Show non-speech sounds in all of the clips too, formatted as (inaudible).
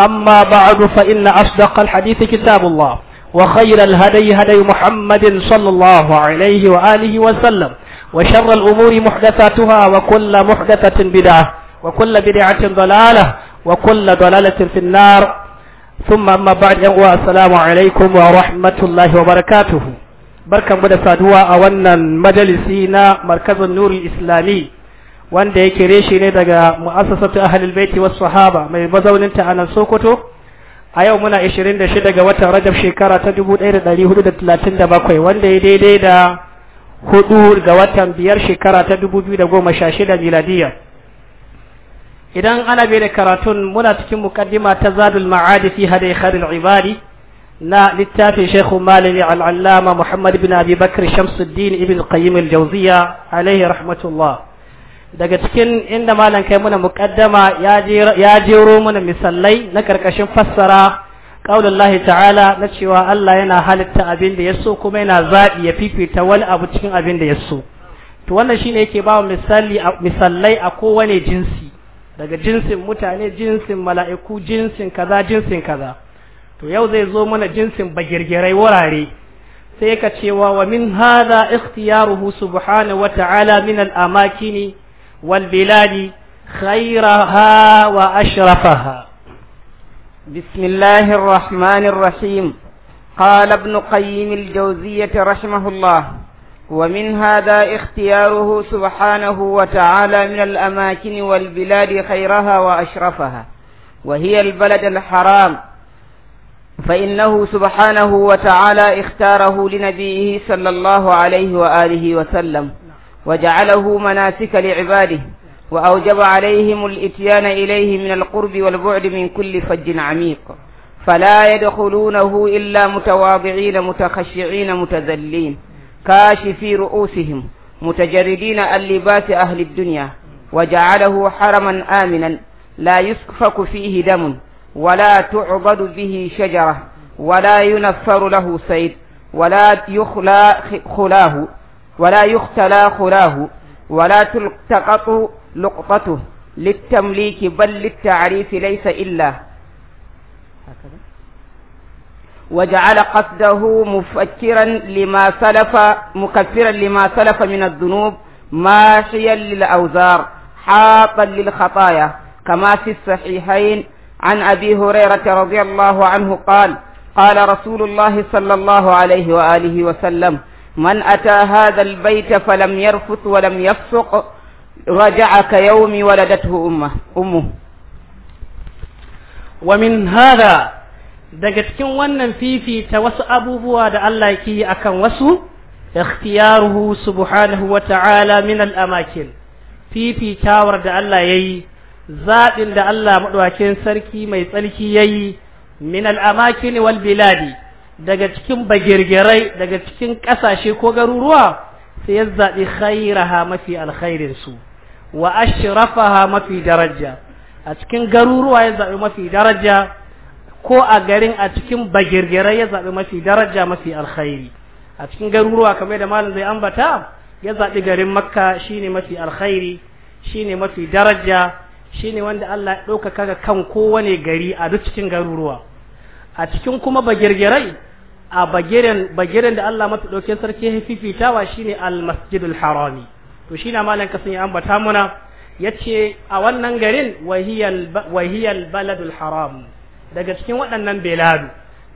أما بعد فإن أصدق الحديث كتاب الله وخير الهدي هدي محمد صلى الله عليه وآله وسلم وشر الأمور محدثاتها وكل محدثة بدعة وكل بدعة ضلالة وكل ضلالة في النار ثم أما بعد السلام عليكم ورحمة الله وبركاته بركة مدى سادوا أولا مجلسينا مركز النور الإسلامي wanda ya yake shi ne daga mu'assasatu ahlul baiti was sahaba mai mazaunin ta anan Sokoto a yau muna 26 ga watan Rajab shekara ta 1437 wanda ya daidai da hudu ga watan biyar shekara ta 2016 miladiya idan ana bai da karatun muna cikin mukaddima ta zadul ma'adi fi hadai khairul ibadi na littafin shekhu malami al'allama muhammad bin abi bakr shamsuddin ibn qayyim al-jawziya alaihi rahmatullah daga cikin inda malam kai muna muqaddama ya jero muna misallai na karkashin fassara qaulullahi ta'ala na cewa Allah yana halitta abin da yaso kuma yana zabi ya fifita wani abu cikin abin da yaso to wannan shine yake ba misali misallai a kowane jinsi daga jinsin mutane jinsin mala'iku jinsin kaza jinsin kaza to yau zai zo mana jinsin bagirgirai wurare sai ka cewa wa min hadha ikhtiyaruhu subhanahu wa ta'ala min al-amakini والبلاد خيرها وأشرفها بسم الله الرحمن الرحيم قال ابن قيم الجوزية رحمه الله ومن هذا اختياره سبحانه وتعالى من الأماكن والبلاد خيرها وأشرفها وهي البلد الحرام فإنه سبحانه وتعالى اختاره لنبيه صلى الله عليه وآله وسلم وجعله مناسك لعباده وأوجب عليهم الإتيان إليه من القرب والبعد من كل فج عميق فلا يدخلونه إلا متواضعين متخشعين متذلين كاشفي رؤوسهم متجردين اللباس أهل الدنيا وجعله حرما آمنا لا يسفك فيه دم ولا تعبد به شجرة ولا ينفر له سيد ولا يخلى خلاه ولا يختلى خلاه ولا تلتقط لقطته للتمليك بل للتعريف ليس إلا وجعل قصده مفكرا لما سلف مكفرا لما سلف من الذنوب ماشيا للأوزار حاطا للخطايا كما في الصحيحين عن أبي هريرة رضي الله عنه قال قال رسول الله صلى الله عليه وآله وسلم من أتى هذا البيت فلم يرفث ولم يفسق رجع كيوم ولدته أمه أمه ومن هذا daga cikin wannan fifita wasu abubuwa da Allah ke yi akan wasu ikhtiyaruhu subhanahu wa ta'ala min al-amakin fifitawar da Allah yayi zaɓin da Allah maɗaukakin sarki mai tsarki yayi min al-amakin wal biladi daga cikin bagirgirai daga cikin kasashe ko garuruwa sai ya zaɓi khairaha mafi alkhairin su wa ashrafaha mafi daraja a cikin garuruwa ya zaɓi mafi daraja ko a garin a cikin bagirgirai ya zaɓi mafi daraja mafi alkhairi a cikin garuruwa kamar da malam zai ambata ya zaɓi garin makka shine mafi alkhairi shine mafi daraja shine wanda Allah ya ɗaukaka ga kan kowane gari a duk cikin garuruwa a cikin kuma bagirgirai a bagiren bagiren da Allah mafi ɗauke sarki ya fifitawa shine al-masjidul harami to shi na malam kasan ya ambata muna ya ce a wannan garin wahiyal baladul haram daga cikin waɗannan beladu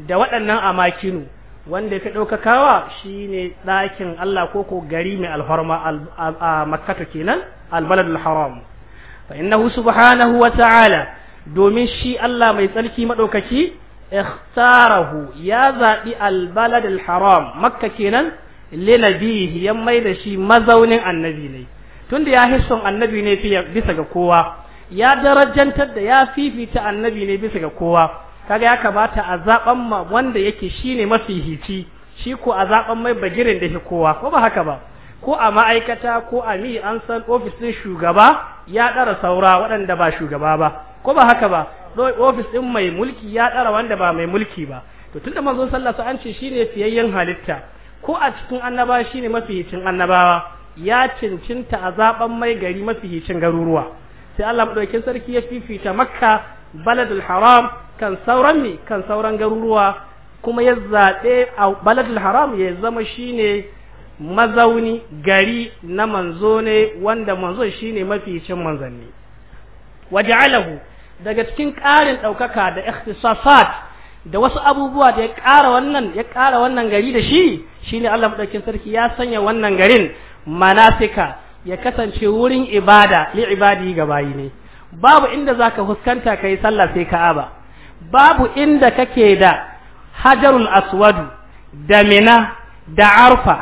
da waɗannan amakinu wanda ya fi ɗaukakawa shi ne ɗakin Allah ko ko gari mai alhorma a makkatu kenan albaladul haram fa innahu subhanahu wa ta'ala domin shi Allah mai tsarki maɗaukaki Iktarahu ya zaɓi albalad haram makka kenan linabihi ya mai da shi mazaunin annabi ne tunda ya hisson annabi ne bisa ga kowa ya darajantar da ya fifita annabi ne bisa ga kowa kaga ya kamata a zaɓan ma wanda yake shine mafi hici shi ko a zaɓan mai bagirin da kowa ko ba haka ba ko a ma'aikata ko a mi an san ofis shugaba ya ɗara saura waɗanda ba shugaba ba ko ba haka ba ofis ɗin mai mulki ya tsara wanda ba mai mulki ba to tunda manzon sallallahu sallah wasallam an ce shine fiyayyen halitta ko a cikin annaba shi ne mafihicin annabawa ya cincinta a zaben mai gari mafihicin garuruwa sai Allah madaukakin sarki ya fifita makka baladul haram kan sauran ne kan sauran garuruwa kuma ya zaɓe a baladul haram ya zama shi ne mazauni gari na manzo ne wanda manzo shine mafiicin manzanni alahu. daga cikin ƙarin ɗaukaka da ikhtisasat da wasu abubuwa da ya ƙara wannan ya ƙara wannan gari da shi shine Allah madaukakin sarki ya sanya wannan garin manasika ya kasance wurin ibada li ibadi gabayi ne babu inda zaka fuskanta kai sallah sai Ka'aba babu inda kake da Hajarul Aswadu da Mina da Arfa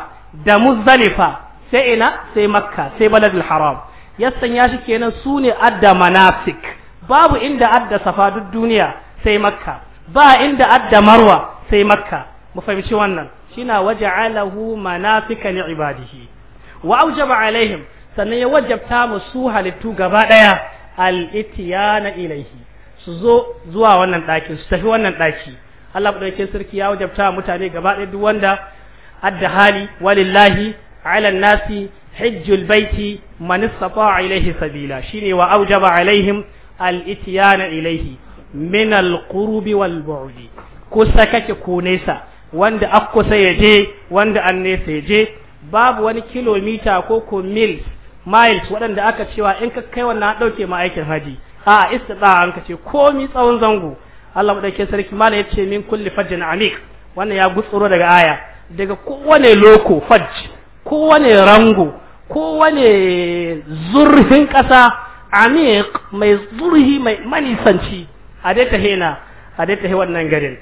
da Muzdalifa sai ina sai Makka sai Baladul Haram ya sanya shi kenan sune adda manasik babu inda adda safa duk duniya sai makka ba inda adda marwa sai makka mu fahimci wannan shina waja'alahu manasika li ibadihi wa aujaba alaihim sannan ya wajabta mu su halittu gaba daya al-ityana ilaihi su zo zuwa wannan ɗakin su tafi wannan ɗaki Allah ɗauke sarki ya wajabta mutane gaba duk wanda adda hali walillahi ala nasi hajjul baiti man istata'a ilaihi sabila shine wa aujaba alaihim al-ityana ilayhi min al wal bu'di kusa kake ko nesa wanda akkusa ya je wanda an nesa ya je babu wani kilomita ko ko mil miles waɗanda aka cewa in ka kai wannan ɗauke ma aikin haji a istida an ka ce komi tsawon zango Allah madaukakin sarki mala ya ce min kulli fajjin amik wannan ya gutsuro daga aya daga kowane loko fajj kowane rango kowane zurfin ƙasa amiq mai zurhi mai manisanci a dai tahena a dai tahi wannan garin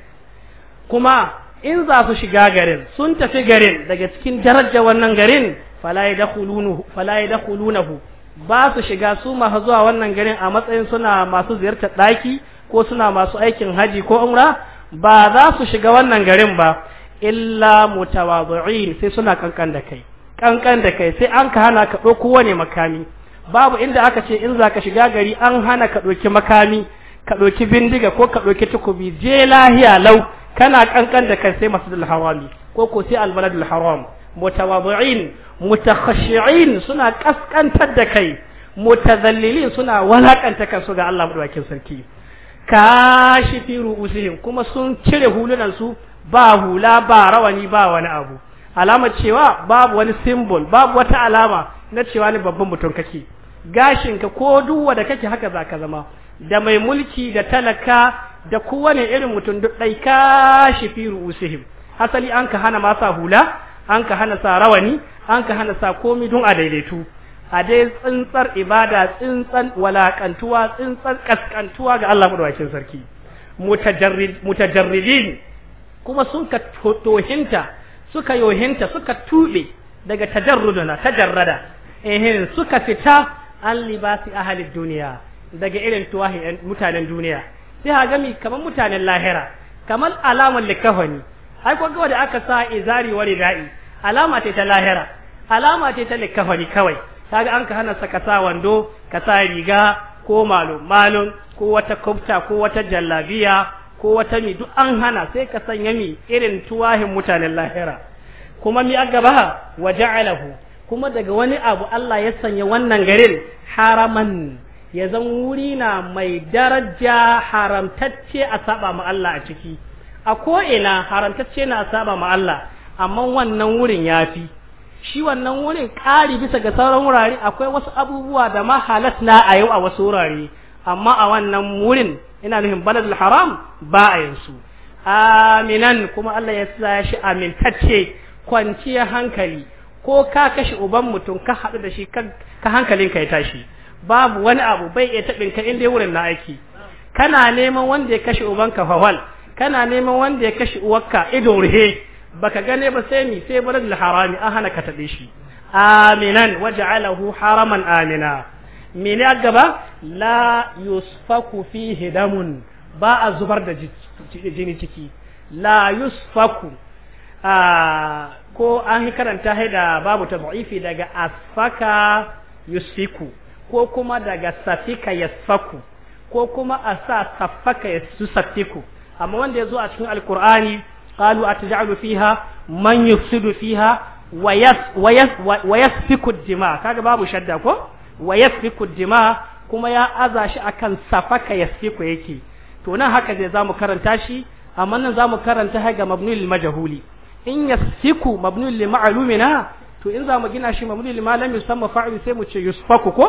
kuma in za su shiga garin sun tafi garin daga cikin daraja wannan garin fala yadkhulunahu ba su shiga su masu zuwa wannan garin a matsayin suna masu ziyartar daki ko suna masu aikin haji ko umra ba za su shiga wannan garin ba illa mutawadhi'in sai suna kankan da kai kankan da kai sai an ka hana ka ɗauko wani makami babu inda aka ce in zaka shiga gari an hana ka ɗauki makami ka ɗauki bindiga ko ka ɗauki takobi je lahiya lau kana kankan da kan sai masjidul harami ko ko sai albaladul haram mutawadi'in mutakhashi'in suna kaskantar da kai mutazallilin suna walakanta kansu ga Allah madawakin sarki kashifi ru'usihim kuma sun cire hulunan su ba hula ba rawani ba wani abu alamar cewa babu wani symbol babu wata alama na cewa ni babban mutum kake gashinka ko duwa da kake haka za ka zama da mai mulki da talaka da kowane irin mutum duk ɗai kashi fi ru'usihim hasali an ka hana masa hula an ka hana sa rawani an ka hana sa komi don a daidaitu a dai tsintsar ibada tsintsan walakantuwa tsintsan kaskantuwa ga Allah madawakin sarki mutajarridin kuma sun ka tohinta suka yohinta suka tube daga tajarruduna tajarrada ehin suka fita an libasi ahalin duniya daga irin tuwahi mutanen duniya sai ha gami kamar mutanen lahira kamar alamar likafani ai ko ga da aka sa izari wa ridai alama ce ta lahira alama ce ta likafani kawai kaga an ka hana saka sa wando ka sa riga ko malum malum ko wata kofta ko wata jallabiya ko wata mi duk an hana sai ka sanya mi irin tuwahin mutanen lahira kuma mi gabaha wa ja'alahu kuma daga wani abu Allah ya sanya wannan garin haraman ya zan wuri na mai daraja haramtacce a saba ma Allah a ciki a ko'ina haramtacce na a saba ma Allah amma wannan wurin ya fi shi wannan wurin ƙari bisa ga sauran wurare akwai wasu abubuwa da ma na a yau a wasu wurare amma a wannan wurin ina nufin baladul haram ba a yansu aminan kuma Allah ya sa shi amintacce kwanciyar hankali ko ka kashe uban mutum ka haɗu da shi ka ka ya tashi babu wani abu bai iya taɓin ka inda wurin na aiki kana neman wanda ya kashe ka fawal kana neman wanda ya kashe uwarka ido rihe baka gane ba sai ni sai barin harami an hana ka taɓe shi aminan waja'alahu haraman amina mene a gaba la yusfaku fihi damun ba a zubar da jini ciki la yusfaku a ah, ko an karanta hai da babu tabi'ifi daga asfaka yusfiku ko kuma daga safika yasfaku ko kuma asa safaka yasusafiku amma wanda ya zo a cikin alkur'ani qalu atja'alu fiha man yusfidu fiha wa yasfiku dima kaga babu shadda ko wa yasfiku dima kuma ya aza shi akan safaka yasfiku yake to nan haka zai zamu karanta shi amma nan zamu karanta haga mabnul majhuli in yasfiku mabnun li ma'lumina to in za mu gina shi mabnun li malam yusamma fa'il sai mu ce yusfaku ko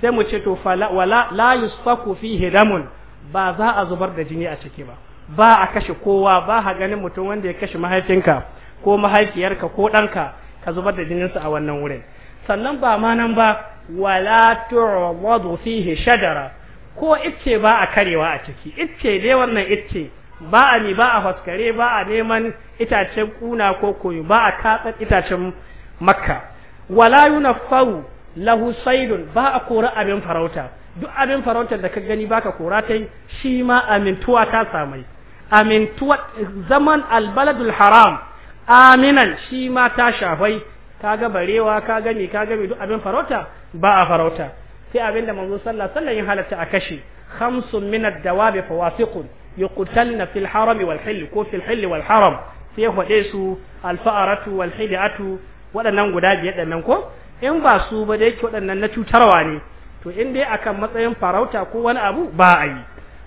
sai mu ce to fala wala la yusfaku fihi damun ba za a zubar da jini a ciki ba ba a kashe kowa ba ha ganin mutum wanda ya kashe mahaifinka ko mahaifiyarka ko danka ka zubar da jininsa a wannan wurin sannan ba ma nan ba wala tu'wadu fihi shajara ko icce ba a karewa a ciki icce dai wannan icce ba a ni ba a faskare ba a neman itacen kuna ko koyo ba a katsar itacen makka wala fau lahu saidun ba a kora abin farauta duk abin farautar da ka gani baka kora tai shi ma amintuwa ta samai amintuwa zaman albaladul haram aminan shi ma ta shafai kaga barewa ka gani ka gami duk abin farauta ba a farauta sai abin da manzo sallallahu alaihi wasallam ya halatta a kashe khamsun min ad-dawabi fawasiqun yuqtalna fil haram wal ko fil hil wal haram sai hode su al-fa'aratu wal waɗannan guda biyar ɗannan ko in ba su ba da yake waɗannan na cutarwa ne to in dai akan matsayin farauta ko wani abu ba a yi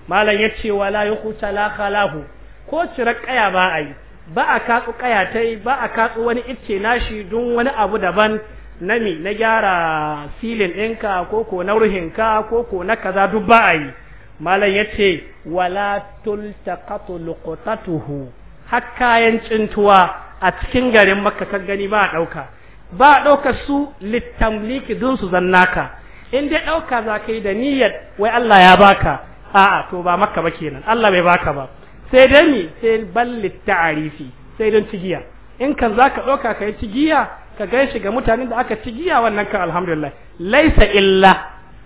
malam ya ce wala ya huta la khalahu ko cirar kaya ba a yi ba a katsu kaya ta yi ba a katsu wani icce nashi don wani abu daban Nami na gyara silin ɗinka ko ko na ruhinka ko ko na kaza duk ba a yi malam ya ce wala tultaqatu luqtatuhu har cintuwa a cikin garin makka ka gani ba a ɗauka ba a ɗauka su littamliki dun su zannaka in dai ɗauka za ka yi da niyyar wai Allah ya baka a'a to ba makka ba kenan Allah bai baka ba sai dai ni sai ballit ta'arifi sai don cigiya in kan za ka ɗauka ka yi cigiya ka shi ga mutanen da aka ci giya wannan kan alhamdulillah laisa illa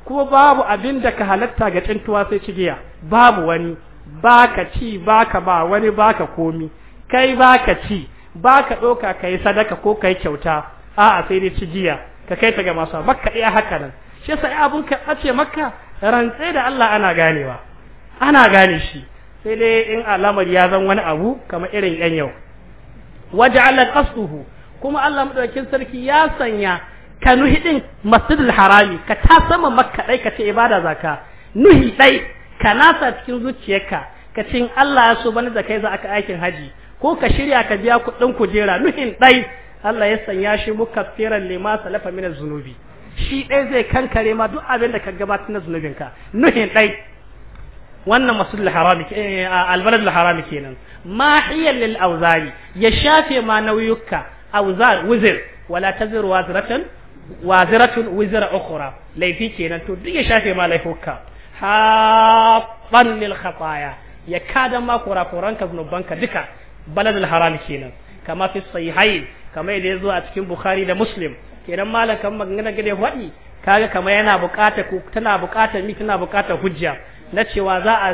kuma babu abin da ka halatta ga tsintuwa sai ci giya babu wani baka ci baka ba wani baka komi kai baka ci baka doka kai sadaka ko kai kyauta a'a sai dai ci giya ka kai ta ga masu makka iya haka nan shi sai abun ka ace makka rantse da Allah ana ganewa ana gane shi sai dai in alamar ya zan wani abu kamar irin yan yau waja'ala qasduhu kuma Allah madaukakin sarki ya sanya ka nuhi din masjidul harami ka ta sama makka dai ka ce ibada zaka nuhi dai ka nasa cikin zuciyarka ka cin Allah ya so bani da kai za aka aikin haji ko ka shirya ka biya kuɗin kujera nuhin dai Allah ya sanya shi mukaffiran lima salafa min zunubi shi dai zai kankare ma duk abin da ka gabatar na zunubinka nuhin dai wannan masjidul harami eh, al-baladul harami kenan ma hiya lil awzari ya shafe ma nauyuka awzar wizir wala tazir wazratan waziratun wizra ukhra laifi kenan to duk ya shafe ma laifuka haqqan lil khataya ya kada ma kurakuran ka zunuban ka duka baladul haram kenan kama fi sahihain kama yadda yazo a cikin bukhari da muslim kenan malam kan magana gade wadi kaga kama yana bukata ku tana bukata mi tana bukata hujja na cewa za a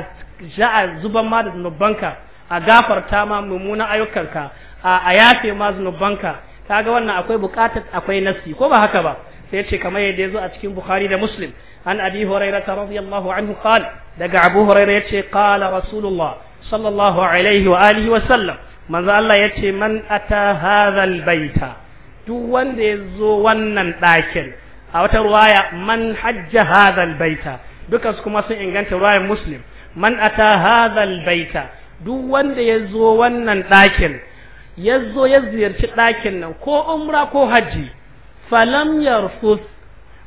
za a zuban ma da zunuban ka a gafarta ma mummunan ayyukanka a yafe ma zunubanka kaga wannan akwai bukatar akwai nasi ko ba haka ba sai ce kamar yadda ya zo a cikin Bukhari da Muslim an Abi Hurairah radiyallahu anhu qal daga Abu Hurairah yace qala Rasulullah sallallahu alaihi wa alihi wa sallam manzo Allah yace man ata hadhal baita duk wanda ya zo wannan ɗakin a wata ruwaya man hajja hadhal baita duka su kuma sun inganta ruwayar Muslim man ata hadhal baita duk wanda ya zo wannan ɗakin ya zo ya ziyarci ɗakin nan ko umra ko hajji falam yarfus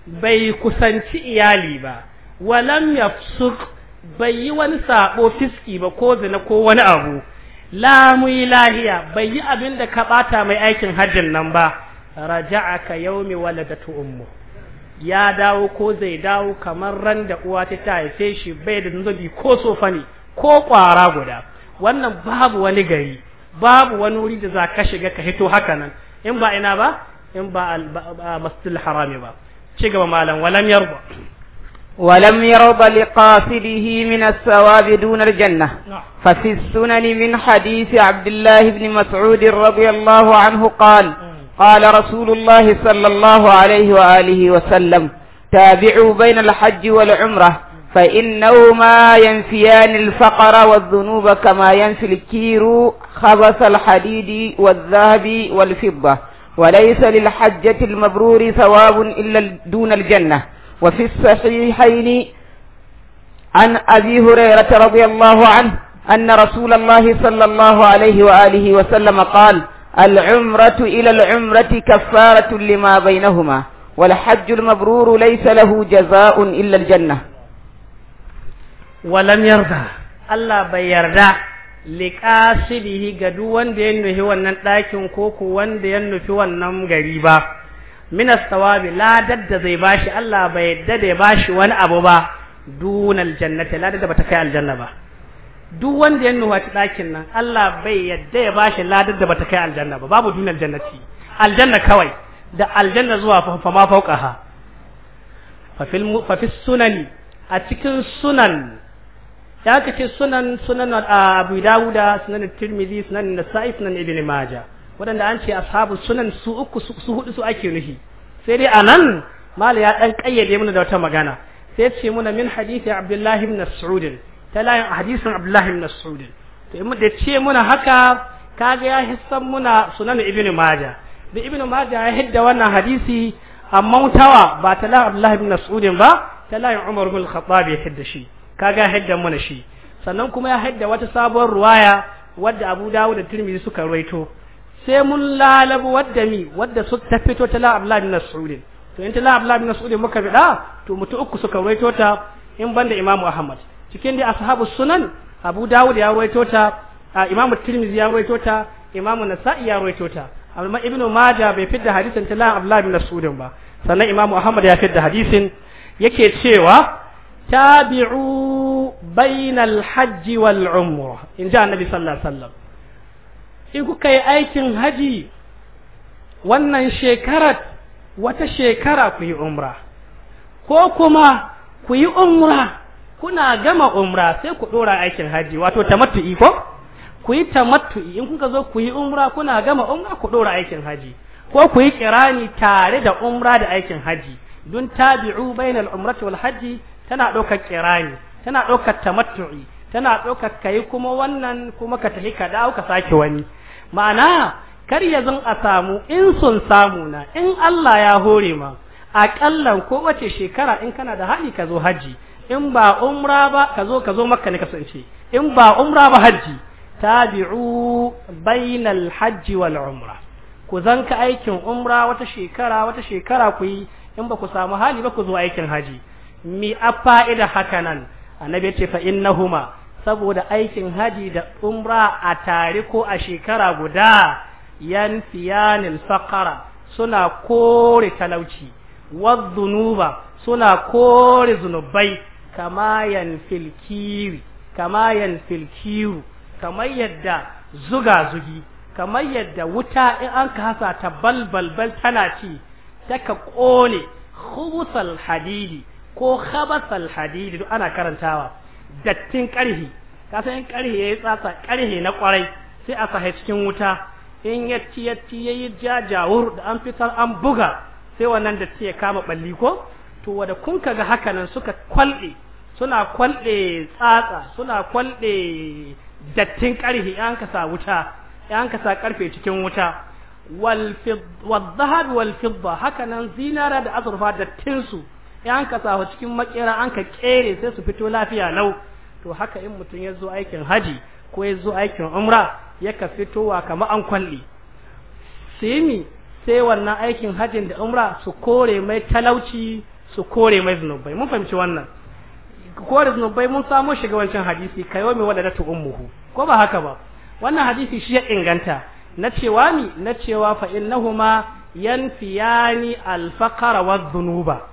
bai kusanci iyali ba walam yafsuk bai yi wani sabo fiski ba ko zina ko wani abu lamu lahiya bai yi abin da ka bata mai aikin hajjin nan ba raja'aka yaumi waladatu ummu ya dawo ko zai dawo kamar ran da uwa ta ta haife shi bai da zubi ko sofani ko ƙwara guda wannan babu wani gari babu wani wuri da za ka shiga ka hito haka nan in ba ina ba in ba masjidil harami ba ci gaba malam walam yarda ولم يرض لقاصده من الثواب دون الجنة ففي السنن من حديث عبد الله بن مسعود رضي الله عنه قال قال رسول الله صلى الله عليه وآله وسلم تابعوا بين الحج والعمرة فإنهما ينفيان الفقر والذنوب كما ينفي الكير خبث الحديد والذهب والفضة وليس للحجة المبرور ثواب إلا دون الجنة وفي الصحيحين عن أبي هريرة رضي الله عنه أن رسول الله صلى الله عليه وآله وسلم قال العمرة إلى العمرة كفارة لما بينهما والحج المبرور ليس له جزاء إلا الجنة walam yarda Allah bai yarda liqasidihi ga duk wanda ya nufi wannan ɗakin ko ku wanda ya nufi wannan gari ba minas tawabi ladar da zai bashi Allah bai yadda da ya bashi wani abu ba dunal jannati ladar da bata kai aljanna ba duk wanda ya nuwa ɗakin nan Allah bai yadda ya bashi ladar da bata kai aljanna ba babu dunal jannati aljanna kawai da aljanna zuwa fa ma fauqaha fa fil sunani a cikin sunan da aka ce sunan sunan abu dawuda sunan tirmidhi sunan nasa'i sunan ibn maja waɗanda an ce ashabu sunan su uku su hudu su ake nufi sai dai anan mala ya dan kayyade mana da wata magana sai ya ce muna min hadisi abdullahi ibn mas'ud ta layin hadisin abdullahi ibn mas'ud to in da ce muna haka kaga ya hissan muna sunan ibn maja da ibn maja ya hidda wannan hadisi amma mutawa ba ta abdullahi ibn mas'ud ba ta umar ibn al-khattab ya hidda shi kaga hadda mana shi sannan kuma ya hadda wata sabuwar ruwaya wadda Abu Dawud da Tirmidhi suka ruwaito sai mun lalabu wadda mi wadda su ta fito ta la Abdullah bin Mas'ud to in ta la Abdullah bin Mas'ud muka bida to mutu uku suka ruwaito ta in banda Imam Ahmad cikin da ashabu sunan Abu Dawud ya ruwaito ta Imam Tirmidhi ya ruwaito ta Imam Nasa'i ya ruwaito ta amma Ibn Majah bai fidda hadisin ta la Abdullah bin Mas'ud ba sannan Imam Ahmad ya fidda hadisin yake cewa tabi'u bainal hajji wal umra in ji annabi sallallahu alaihi wasallam in kuka yi aikin haji wannan shekarar wata shekara ku yi umra ko kuma ku yi umra kuna gama umra sai ku dora aikin haji wato tamattu'i ko ku yi tamattu'i in kuka zo ku yi umra kuna gama umra ku dora aikin haji ko ku yi kirani tare da umra da aikin haji don tabi'u bainal umrati wal haji tana ɗaukar kirani tana ɗaukar tamattu'i tana ɗaukar kai kuma wannan kuma ka tafi ka dawo ka sake wani ma'ana kar ya zan a samu in sun samu na in Allah ya hore ma aƙallan ko wace shekara in kana da haɗi ka zo haji in ba umra ba ka zo ka zo makka ne ka ce in ba umra ba haji tabi'u bainal hajji wal umra ku zanka aikin umra wata shekara wata shekara ku yi in ba ku samu hali ba ku zo aikin haji mi afa fa'ida haka nan annabi ya ce fa innahuma saboda aikin haji da umra a tare ko a shekara guda yan fiyanil faqara suna kore talauci wadzunuba suna kore zunubai kama yanfil kamayan kama yanfil kamar yadda zuga zugi kamar yadda wuta in an ka hasa ta balbalbal tana ci ta ka kone khubusal hadidi ko khabasal hadid duk ana karantawa dattin karhi ka san in karhi yayi tsatsa karhi na kwarai sai a sahi cikin wuta in yatti yatti yayi jajawur da an fitar an buga sai wannan datti ya kama balli ko to wanda kun kaga haka nan suka kwalde suna kwalde tsatsa suna kwalde dattin karhi an ka sa wuta an ka sa karfe cikin wuta wal fid wal dhahab wal fidda haka zinara da azurfa dattin su in an ka sahu cikin makera an ka kere sai su fito lafiya lau to haka in mutum ya zo aikin haji ko ya zo aikin umra ya ka fitowa kamar an kwalli su yi mi sai wannan aikin hajin da umra su kore mai talauci su kore mai zunubai mun fahimci wannan kore zunubai mun samo shiga hadisi ka mai wadda ta ko ba haka ba wannan hadisi shi ya inganta na cewa mi na cewa fa innahuma yanfiyani wa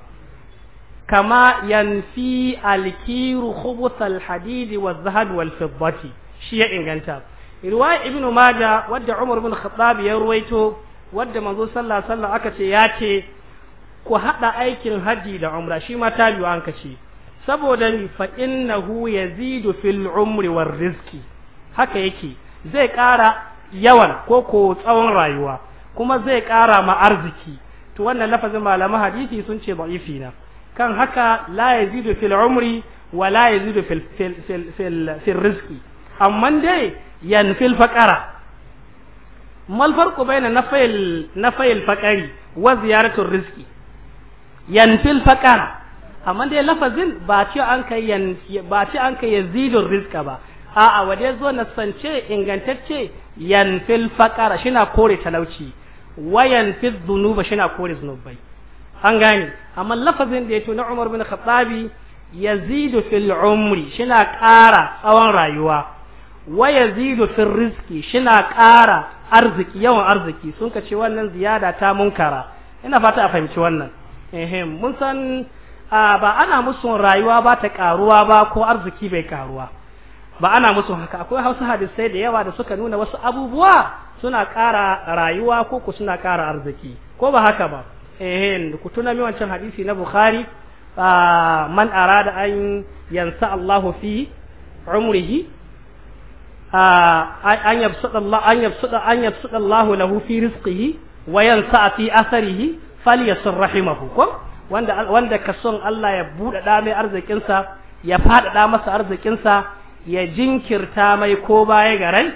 kama yanfi alkiru khubuthal hadidi wal zahab wal fiddati shi ya inganta riwaya ibnu maja wadda umar ibn khattab ya ruwaito wadda manzo sallallahu alaihi aka ce ya ce ku haɗa aikin hajji da umra shi ma tabi'u an kace saboda ni fa innahu yazidu fil umri war rizqi haka yake zai ƙara yawan ko ko tsawon rayuwa kuma zai ƙara ma arziki to wannan lafazin malaman hadisi sun ce da'ifi na kan haka la yazidu fil umri wa la yazidu fil fil fil fil rizqi amma dai fil faqara mal farqu baina nafayil nafayil faqari wa ziyaratu rizqi yanfil faqara amma dai lafazin ba ce an kai yan ba ce an kai yazidu rizqa ba a'a wade zo na sance ingantacce yanfil faqara shina kore talauci wa wayan fi dhunuba shina kore zunubai an gane amma lafazin da ya na Umar bin Khattabi yazidu fil umri shina ƙara tsawon rayuwa wa yazidu fil rizqi shina ƙara arziki yawan arziki sun ka ce wannan ziyada ta munkara ina fata a fahimci wannan ehem mun san ba ana musu rayuwa ba ta karuwa ba ko arziki bai karuwa ba ana musu haka akwai hausa hadisai da yawa da suka nuna wasu abubuwa suna ƙara rayuwa ko ku suna ƙara arziki ko ba haka ba eh ku tuna mi wancan hadisi na bukhari man arada an yansa Allah fi umrihi an yabsuda Allah an yabsuda an yabsuda Allah lahu fi rizqihi wa yansa fi falyasur rahimahu ko wanda wanda ka son Allah ya buɗe da mai arzikin sa ya faɗaɗa masa arzikin sa ya jinkirta mai ko baya ga rai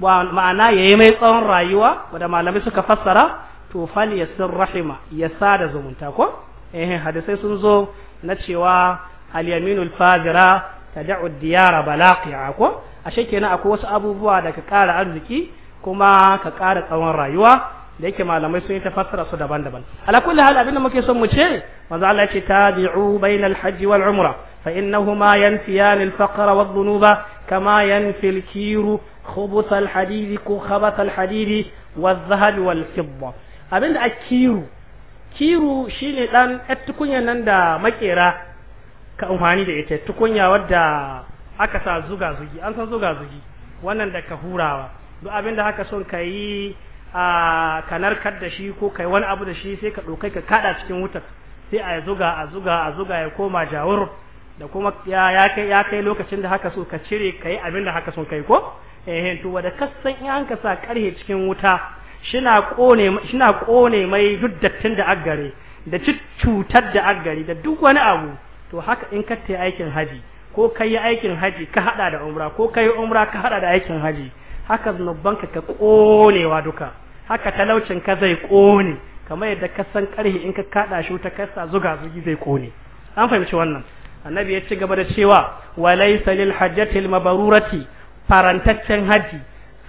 ma'ana yayi mai tsawon rayuwa wanda malamai suka fassara to fal yasir rahima ya sada zumunta ko eh hadisai sun zo na cewa al yaminul fazira tad'u diyara balaqi'a ko ashe kenan akwai wasu abubuwa da ka kara arziki kuma ka kara tsawon rayuwa da yake malamai sun yi tafsira su daban-daban ala kulli hal abinda muke son mu ce manzo Allah ya ce tabi'u bainal hajji wal umra fa innahuma yanfiyan al faqra wad dhunuba kama yanfi al kiru khubuth al hadidi ku khabath al hadidi wal dhahab wal fidda abinda a kiru kiru shine ɗan yar tukunya nan da makera ka amfani da ita tukunya wadda aka sa zuga zugi an san zuga zugi wannan da ka hurawa duk abinda haka son ka yi a kanarkar da shi ko kai wani abu da shi sai ka ɗaukai ka kaɗa cikin wutar sai a zuga a zuga a zuga ya koma jawur da kuma ya kai ya kai lokacin da haka so ka cire kai abin da haka son kai ko eh to wanda kasan in an ka sa karhe cikin wuta shina kone mai duk dattin da agare da cutar da agare da duk wani abu to haka in ka ta aikin haji ko ka yi aikin haji ka hada da umra ko ka yi umra ka hada da aikin haji haka zunubanka ka konewa duka haka talaucin ka zai kone kamar yadda ka san karhi in ka kada shi wuta kasa zuga zugi zai kone an fahimci wannan annabi ya ci gaba da cewa walaysa lil hajjati al mabrurati farantaccen haji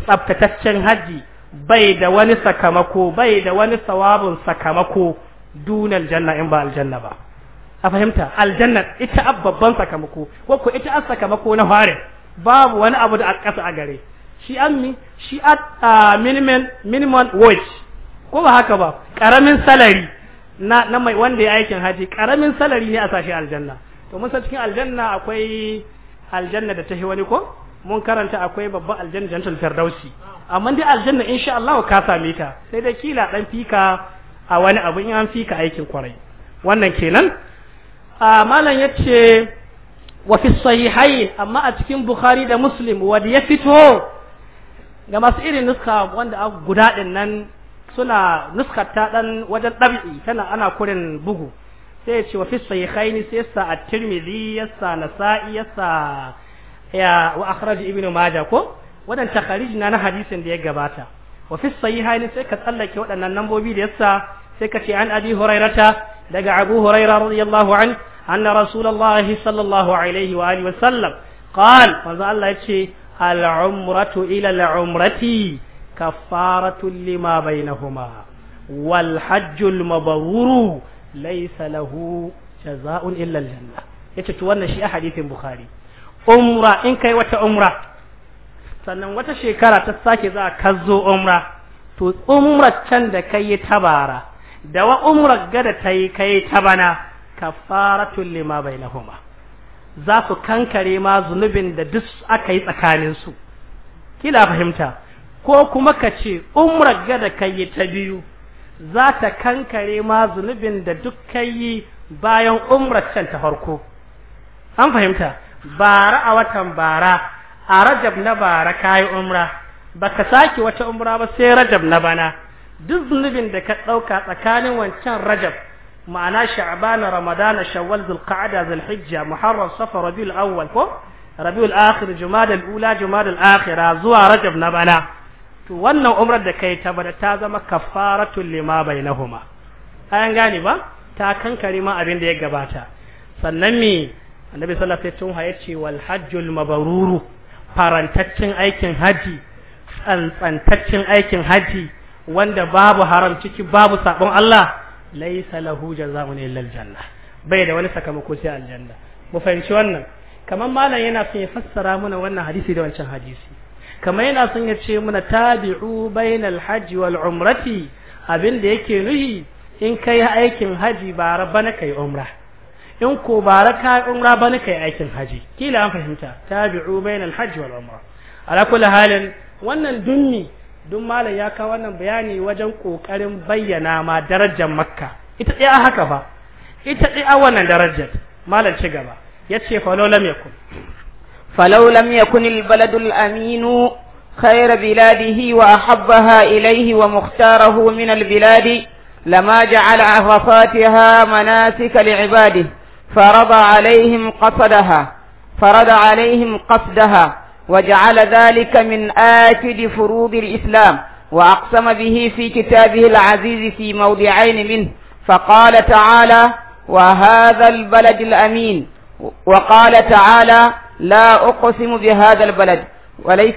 tsabtataccen haji bai da wani sakamako bai da wani sawabin sakamako dunan janna in ba aljanna ba a fahimta aljanna ita ab babban sakamako ko ita as sakamako na fare babu wani abu da a a gare shi an mi shi at minimum minimum wage ko ba haka ba ƙaramin salari na na mai wanda ya aikin haji karamin salari ne a sashi aljanna to mun san cikin aljanna akwai aljanna da ta wani ko mun karanta akwai babban aljanna jantar firdausi amma dai aljanna insha Allah ka same ta sai dai kila dan fika a wani abu in an fika aikin kwarai wannan kenan a malam yace wa fi sahihain amma a cikin bukhari da muslim wanda ya fito ga masu irin nuska wanda a guda din nan suna nuskar ta dan wajen dabi'i tana ana kurin bugu sai ya ce wa fi sahihain sai yasa at-tirmidhi yasa nasa'i yasa ya wa akhraj ibnu majah ko wadan takharij na na hadisin da ya gabata wa fi sahihaini sai ka tsallake waɗannan nambobi da yasa sai ka ce an abi hurairata daga abu huraira radiyallahu an anna rasulullahi sallallahu alaihi wa alihi wa sallam qal manzo Allah yace al umratu ila al umrati kafaratu lima bainahuma wal hajjul mabruru laysa lahu jaza'un illa al janna yace to wannan shi a hadisin bukhari umra in kai wata umra sannan wata shekara ta sake za a kazzo umra to umrar can da kai ta bara da wa umrar gada ta yi kai ta bana kafaratun lima bainahuma za su kankare ma zunubin da duk aka yi tsakanin su kila fahimta ko kuma ka ce umrar gada kai ta biyu za ta kankare ma zunubin da duk kai bayan umrar can ta farko an fahimta bara a watan bara a rajab na bara kayi umra baka sake wata umra ba sai rajab na bana duk zunubin da ka ɗauka tsakanin wancan rajab ma'ana sha'bana ramadana shawwal zulqa'ada zulhijja muharram safar rabiul awwal ko rabiul akhir jumada al-ula jumada al-akhira zuwa rajab na bana to wannan umrar da kai ta bada ta zama kafaratul lima bainahuma ayan gane ba ta kankare ma abin da ya gabata sannan me annabi sallallahu alaihi wasallam ya ce wal hajjul mabruru farantaccen aikin haji tsantsantaccen aikin haji wanda babu haram ciki babu sabon Allah laisa lahu jazaa'un illa aljanna bai da wani sakamako sai aljanna mu fahimci wannan kamar malam yana son ya fassara mana wannan hadisi da wancan hadisi kamar yana son ya ce mana tabi'u bainal hajji wal umrati abinda yake nuhi in kai aikin haji ba rabbana kai umra in ko ba raka umra ba kai aikin haji kila an fahimta tabi'u bainal hajji wal umra ala kulli halin wannan dunni dun malam ya kawo wannan bayani wajen kokarin bayyana ma darajar makka ita tsaya haka ba ita tsaya wannan darajar malam ci gaba yace falau lam yakun falau lam yakun al baladul aminu خير بلاده وأحبها إليه ومختاره من البلاد لما جعل عرفاتها مناسك لعباده فرضى عليهم قصدها فرض عليهم قصدها وجعل ذلك من آكد فروض الإسلام وأقسم به في كتابه العزيز في موضعين منه فقال تعالى وهذا البلد الأمين وقال تعالى لا أقسم بهذا البلد وليس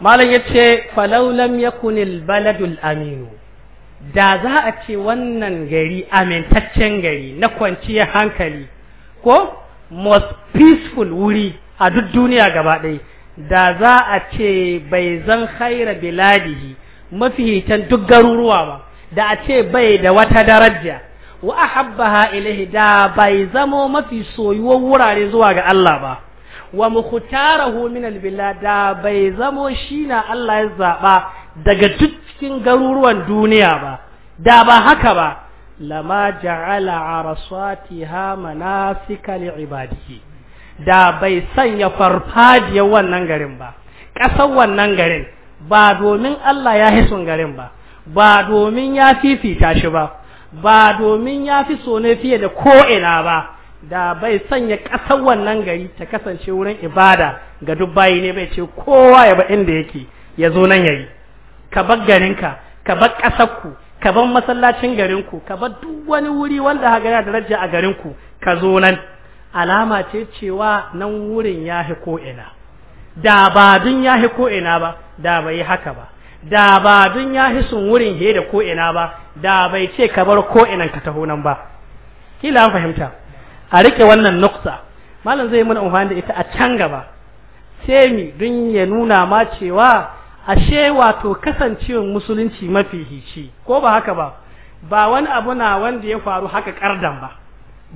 ما لا يتشي فلو لم يكن البلد الأمين da za a ce wannan gari amintaccen gari na kwanciyar hankali ko most peaceful wuri a duk duniya gaba ɗaya da za a ce bai zan haira biladihi mafihitan duk garuruwa ba da a ce bai da wata daraja wa ahabbaha ilaihi da bai zamo mafi soyuwar wurare zuwa ga Allah ba wa mukhtarahu min albilad da bai zamo shi na Allah ya zaba daga duk cikin garuruwan duniya ba da ba haka ba lama ja'ala arasatiha manasika li'ibadihi da bai sanya farfajiyar wannan garin ba ƙasar wannan garin ba domin Allah ya hisun garin ba ba domin ya fifita shi ba ba domin ya fi so ne fiye da ko ina ba da bai sanya kasar wannan gari ta kasance wurin ibada ga duk bayi ne bai ce kowa ya ba inda yake ya zo nan yayi ka bar garinka ka bar ƙasarku ka bar masallacin garinku ka bar duk wani wuri wanda ha gana daraja a garinku ka zo nan alama ce cewa nan wurin ya hi ko'ina da ba dun ya ko'ina ba da bai haka ba da ba dun ya fi sun wurin he da ko'ina ba da bai ce ka bar ko'inan ka taho nan ba kila an fahimta a rike wannan nukta malam zai mana amfani da ita a can gaba sai mi dun ya nuna ma cewa ashe wato kasancewar musulunci mafi hici ko ba haka ba ba wani abu na wanda ya faru haka kardan ba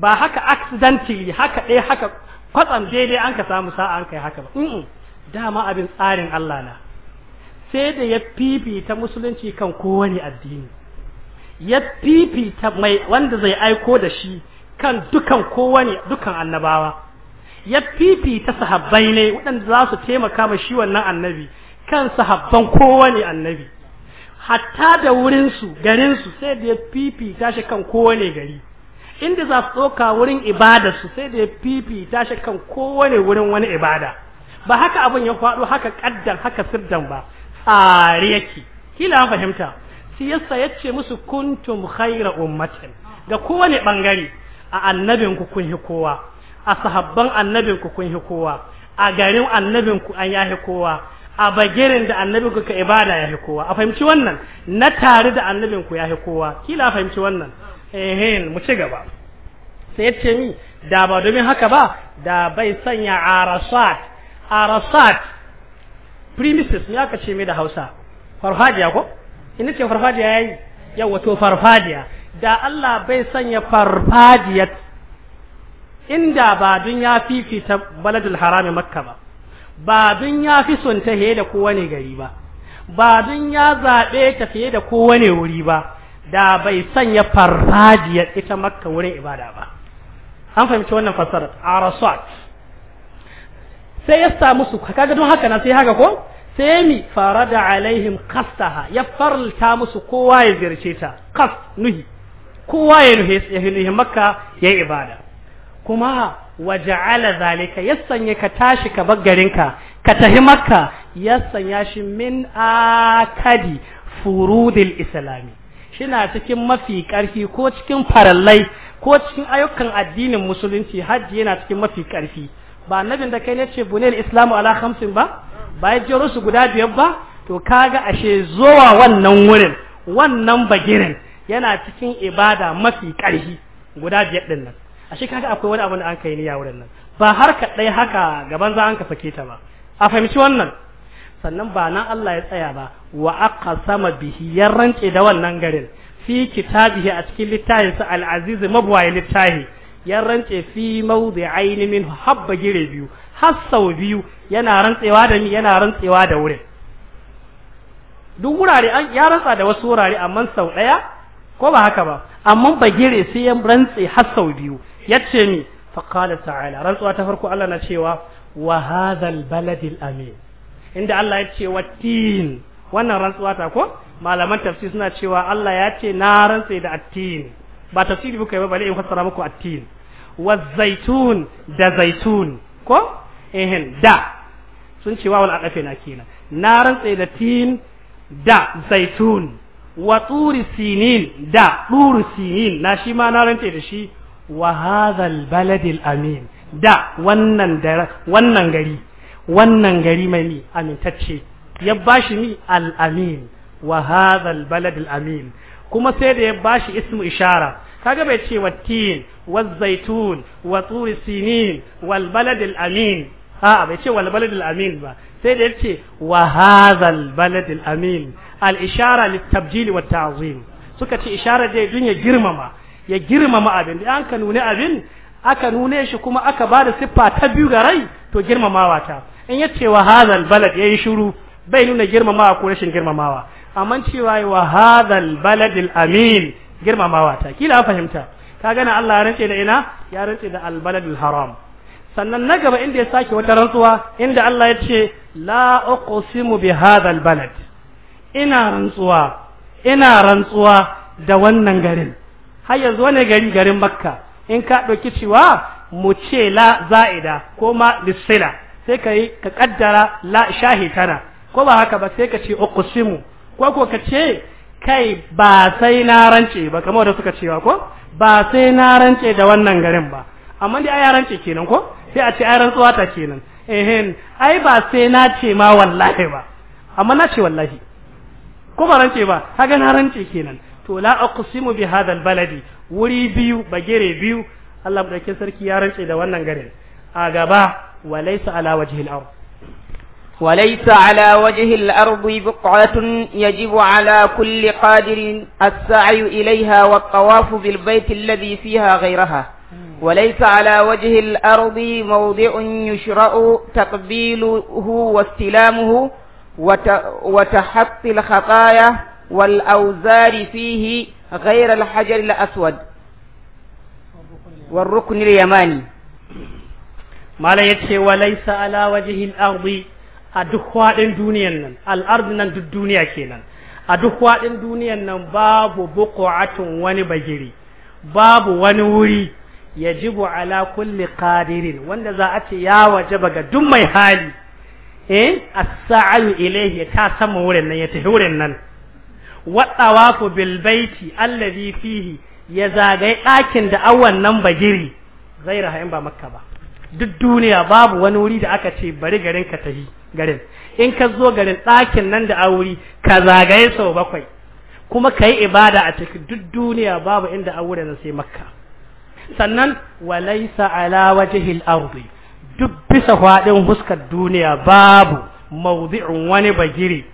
ba haka accidentally haka ɗaya haka kwatsam daidai an ka samu sa'a an kai haka ba dama abin tsarin Allah na sai da ya fifita musulunci kan kowane addini ya fifita mai wanda zai aiko da shi kan dukan kowane dukan annabawa ya fifita sahabbai ne waɗanda za su taimaka ma shi wannan annabi kan sahabban kowane annabi hatta da wurinsu garinsu sai da ya fifita tashi kan kowane gari inda za su tsoka wurin ibada su sai da ya fifita tashi kan kowane wurin wani ibada ba haka abin ya faɗo haka ƙaddan haka sirdan ba tsari yake kila fahimta siyasa ya ce musu kuntum khaira ummatin ga kowane bangare a annabin ku kun kowa a sahabban annabin ku kun kowa a garin annabin ku an yahi kowa a bagirin da annabin ku ka ibada ya fi kowa a fahimci wannan na tare da annabin ku ya fi kowa kila a fahimci wannan eh mu ci gaba sai ya ce mi da ba domin haka ba da bai sanya arasat arasat premises ni aka ce mai da hausa farfajiya ko ina ce farfajiya yayi yawa to farfajiya da Allah bai sanya farfajiyat inda ba dun ya fifita baladul harami makka ba ba ya fi son ta da kowane gari ba ba ya zaɓe ta fiye da kowane wuri ba da bai sanya farfajiyar ita makka wurin ibada ba an fahimci wannan fasarar arasat sai ya sa musu kaga don haka na sai haka ko sai mi da alaihim ha ya farlta musu kowa ya ziyarce ta kas nuhi kowa ya nuhi makka ya ibada kuma waja'ala ja'ala zalika yassanya ka tashi ka bar ka tahi makka yassanya shi min akadi furudil islami shina cikin mafi karfi ko cikin farallai ko cikin ayyukan addinin musulunci hajji yana cikin mafi karfi ba annabin da kai ne ce bunil islamu ala khamsin ba ba ya su guda biyar ba to kaga ashe zuwa wannan wurin wannan bagirin yana cikin ibada mafi karfi guda biyar din nan ashe kaga akwai wani abu da an yi niyya wurin nan ba har ka dai haka gaban za an ka sake ta ba a fahimci wannan sannan ba nan Allah ya tsaya ba wa sama bihi ya rance da wannan garin fi kitabihi a cikin littafin sa al-aziz littafi ya rance fi mawdi'aini min habba gire biyu har sau biyu yana rantsewa da ni yana rantsewa da wurin duk wurare an ya rantsa da wasu wurare amma sau daya ko ba haka ba amma bagire sai ya rantse har sau biyu yace ni fa qala ta'ala rantsuwa ta farko Allah na cewa wa hadhal baladil amin inda Allah ya ce wa tin wannan rantsuwa ta ko malaman tafsir suna cewa Allah ya ce na rantse da attin ba tafsiri muka yi ba bale in fassara muku attin wa zaitun da zaitun ko ehin da sun ce wawul aqafe na kenan na rantse da tin da zaitun wa turi sinin da turu sinin na shi ma na rantse da shi wa hadhal baladil amin da wannan wannan gari wannan gari mai ni amintacce ya bashi ni al amin wa hadhal baladil amin kuma sai da ya bashi ismu ishara kaga bai ce wa tin wa zaitun wa turi sinin wal baladil amin a bai ce wal baladil amin ba sai da ya wa hadhal baladil amin al ishara lit tabjil wa ta'zim suka ce ishara dai dun ya girmama ya girmama abin da an ka nune abin aka nune shi kuma aka ba da siffa ta biyu ga rai to girmamawa ta in ya ce wa hadal balad yayi shiru bai nuna girmamawa ko rashin girmamawa amma cewa wa hadal baladil amin girmamawa ta kila fahimta ka gana Allah ya rance da ina ya rance da albaladul haram sannan na gaba inda ya sake wata rantsuwa inda Allah ya ce la uqsimu bi hadal balad ina rantsuwa ina rantsuwa da wannan garin har yanzu wani gari garin makka in ka ɗauki cewa mu ce la za'ida ko ma lissila sai ka yi ka kaddara la shahitana ko ba haka ba sai ka ce okusimu ko ko ka ce kai ba sai na rance ba kamar da suka cewa ko ba sai na rance da wannan garin ba amma dai ai rance kenan ko sai a ce ai rantsuwa ta kenan ehin ai ba sai na ce ma wallahi ba amma na ce wallahi ko ba rance ba haga na rance kenan to la aqsimu bi hadha albaladi wuri biyu bagere biyu Allah madaukin sarki ya rantse da wannan garin a gaba walaysa ala wajhi al-ard walaysa ala wajhi al-ard biqatun yajibu ala kulli qadirin as-sa'yu ilayha wa at-tawafu bil بالبيت alladhi fiha ghayraha وليس على وجه الأرض موضع يشرع تقبيله واستلامه وتحط الخطايا والأوزار فيه غير الحجر الأسود والركن اليماني ما لا يتشي وليس على وجه الأرض أدخوا دنيا الأرض نن الدنيا كينا أدخوا دنيا نن باب بقعة ونبجري باب ونوري yajibu ala kulli qadirin wanda za a ce ya wajaba ga duk mai hali eh as-sa'yu ilayhi ta sama wurin nan ya tafi wurin nan waɗawafu bilbaiti allazi fihi ya zagaye ɗakin da awan nan bagiri zai rahayin ba makka ba duk duniya babu wani wuri da aka ce bari garin ka tafi garin in ka zo garin ɗakin nan da auri ka zagaye sau bakwai kuma ka yi ibada a cikin duk duniya babu inda aure na sai makka sannan walaisa ala wajhil ardi duk bisa fadin huskar duniya babu mawdi'un wani bagiri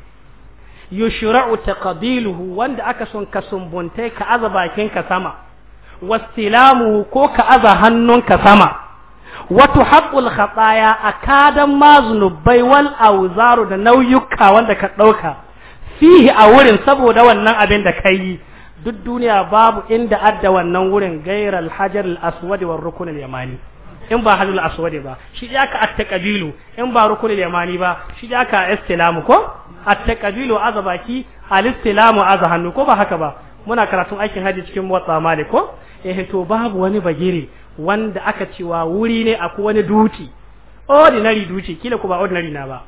yushra'u taqbiluhu wanda aka son ka sumbuntai ka aza bakin ka sama wastilamuhu ko ka aza hannun ka sama wa tuhaqqul khataya akadan ma zunubai wal awzaru da nauyuka wanda ka dauka fihi a wurin saboda wannan abin da kai duk duniya babu inda adda wannan wurin gairal hajar al aswad war rukun al yamani in ba halul aswade ba shi da aka attaqabilu in ba rukunul yamani ba shi da aka istilamu ko attaqabilu azabaki alistilamu hannu ko ba haka ba muna karatun aikin haji cikin motsa mali ko eh to babu wani bagire wanda aka cewa wuri ne aku wani duti ordinary duti kila ko ba ordinary na ba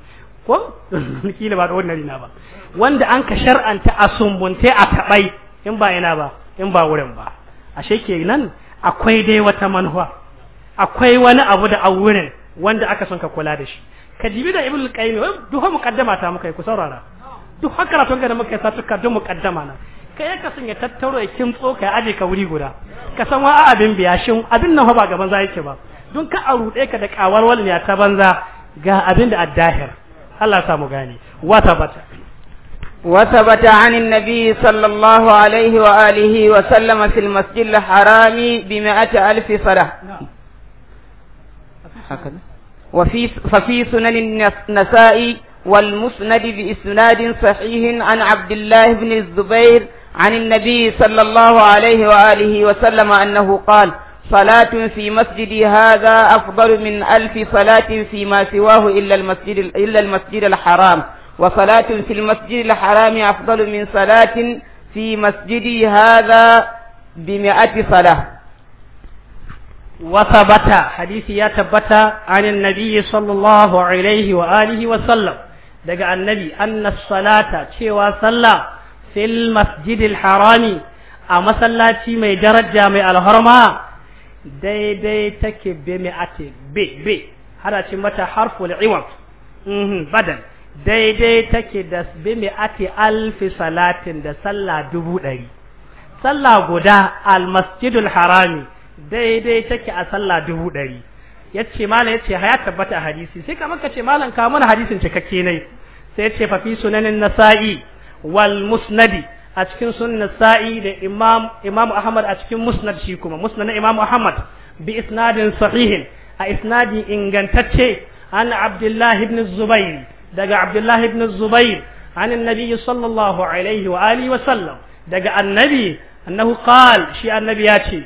ko (laughs) kila ba ordinary na ba wanda an ka shar'anta a a tabai in ba ina ba in ba wurin ba ashe kenan akwai dai wata manhwa. akwai wani abu da a wurin wanda aka son ka kula da shi ka jibi da ibnu qayyim duk ha muqaddama ta muka yi ku saurara duk ha karatun ga muka yi tuka duk muqaddama na kai ka sun ya tattaro ya kimtso ka aje ka wuri guda ka san wa abin biya shin abin nan ba gaban za yake ba don ka a rude ka da kawar walin ya ta banza ga abin da addahir Allah ya samu gane wa tabata وثبت عن النبي صلى الله عليه وآله وسلم في المسجد الحرام بمائة ألف صلاة هكذا وفي ففي سنن النسائي والمسند بإسناد صحيح عن عبد الله بن الزبير عن النبي صلى الله عليه وآله وسلم أنه قال صلاة في مسجدي هذا أفضل من ألف صلاة فيما سواه إلا المسجد, إلا المسجد الحرام وصلاة في المسجد الحرام أفضل من صلاة في مسجدي هذا بمئة صلاة وثبت حديث يا تبت عن النبي صلى الله عليه وآله وسلم دقى النبي أن الصلاة شوى صلى في المسجد الحرام أما صلى مي درجة مي الهرمة دي دي تكي بمئة بي بي هذا متى حرف العوض بدل دي دي تكي دس بمئة ألف صلاة دا صلى دبو داري صلى قدا المسجد الحرامي daidai take a sallah dubu ɗari yace malam yace haya tabbata a hadisi sai kamar ka ce malam ka mana hadisin cikakke ne sai yace fa fi sunanin nasa'i wal musnadi a cikin sunan nasa'i da imam imam ahmad a cikin musnad shi kuma musnad imam ahmad bi isnadin sahihin a isnadi ingantacce an abdullahi ibn zubair daga abdullahi ibn zubair عن النبي صلى الله عليه وآله وسلم دقى النبي أنه قال شيء النبي ياتي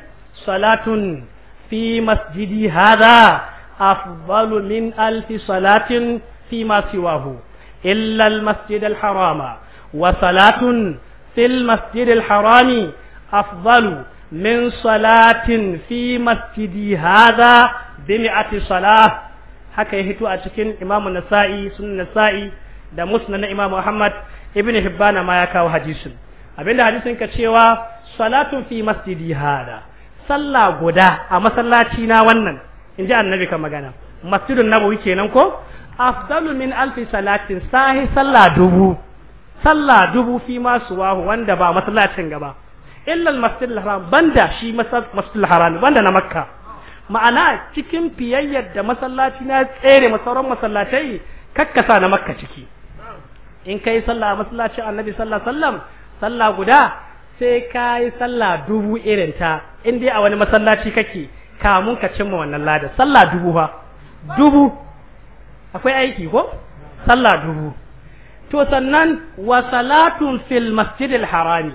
salatun fi masjidi hada afdalu min alfi salatin fi ma siwahu illa almasjid alharama wa salatun fi almasjid alharami afdalu min salatin fi masjidi hada bi mi'ati salah haka ya hito a cikin imamu nasa'i sunan nasa'i da musnad na imamu ahmad ibn hibbana ma ya kawo hadisin abinda hadisin ka cewa salatun fi masjidi hada sallah guda a masallaci na wannan in ji annabi ka magana masjidun nabawi kenan ko afdalu min alfi salatin sahi sallah dubu sallah dubu fi ma suwahu wanda ba masallacin gaba illa masjidul haram banda shi masjidul haram banda na makka ma'ana cikin fiyayyar da masallaci na tsere masauran masallatai kakkasa na makka ciki in kai sallah a masallacin annabi sallallahu alaihi wasallam sallah guda sai ka yi sallah dubu irin ta in dai a wani masallaci kake kamun ka cimma wannan lada sallah dubu fa dubu akwai aiki ko sallah dubu to sannan wa salatun fil masjidil harami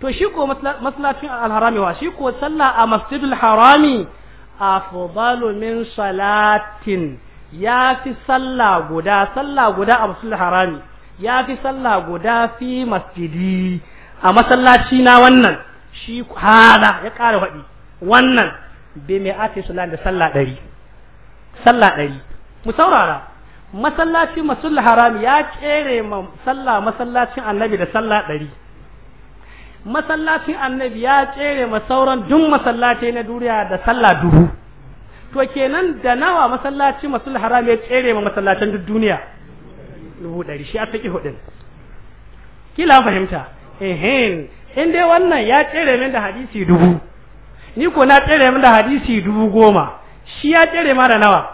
to shi ko masallacin alharami wa shi ko sallah a masjidil harami afdalu min salatin ya fi sallah guda sallah guda a masjidil harami ya fi sallah guda fi masjidi a masallaci na wannan shi hala ya ƙara faɗi wannan bai mai ake sallah da sallah ɗari sallah ɗari mu saurara masallaci masul haram ya kere ma sallah masallacin annabi da sallah ɗari masallacin annabi ya kere ma sauran duk masallatai na duniya da sallah dubu to kenan da nawa masallaci masul haram ya kere ma masallacin duk duniya dubu ɗari shi a saki hudun kila fahimta ehin in dai wannan ya tsere min da hadisi dubu ni ko na tsere min da hadisi dubu goma shi ya tsere ma da nawa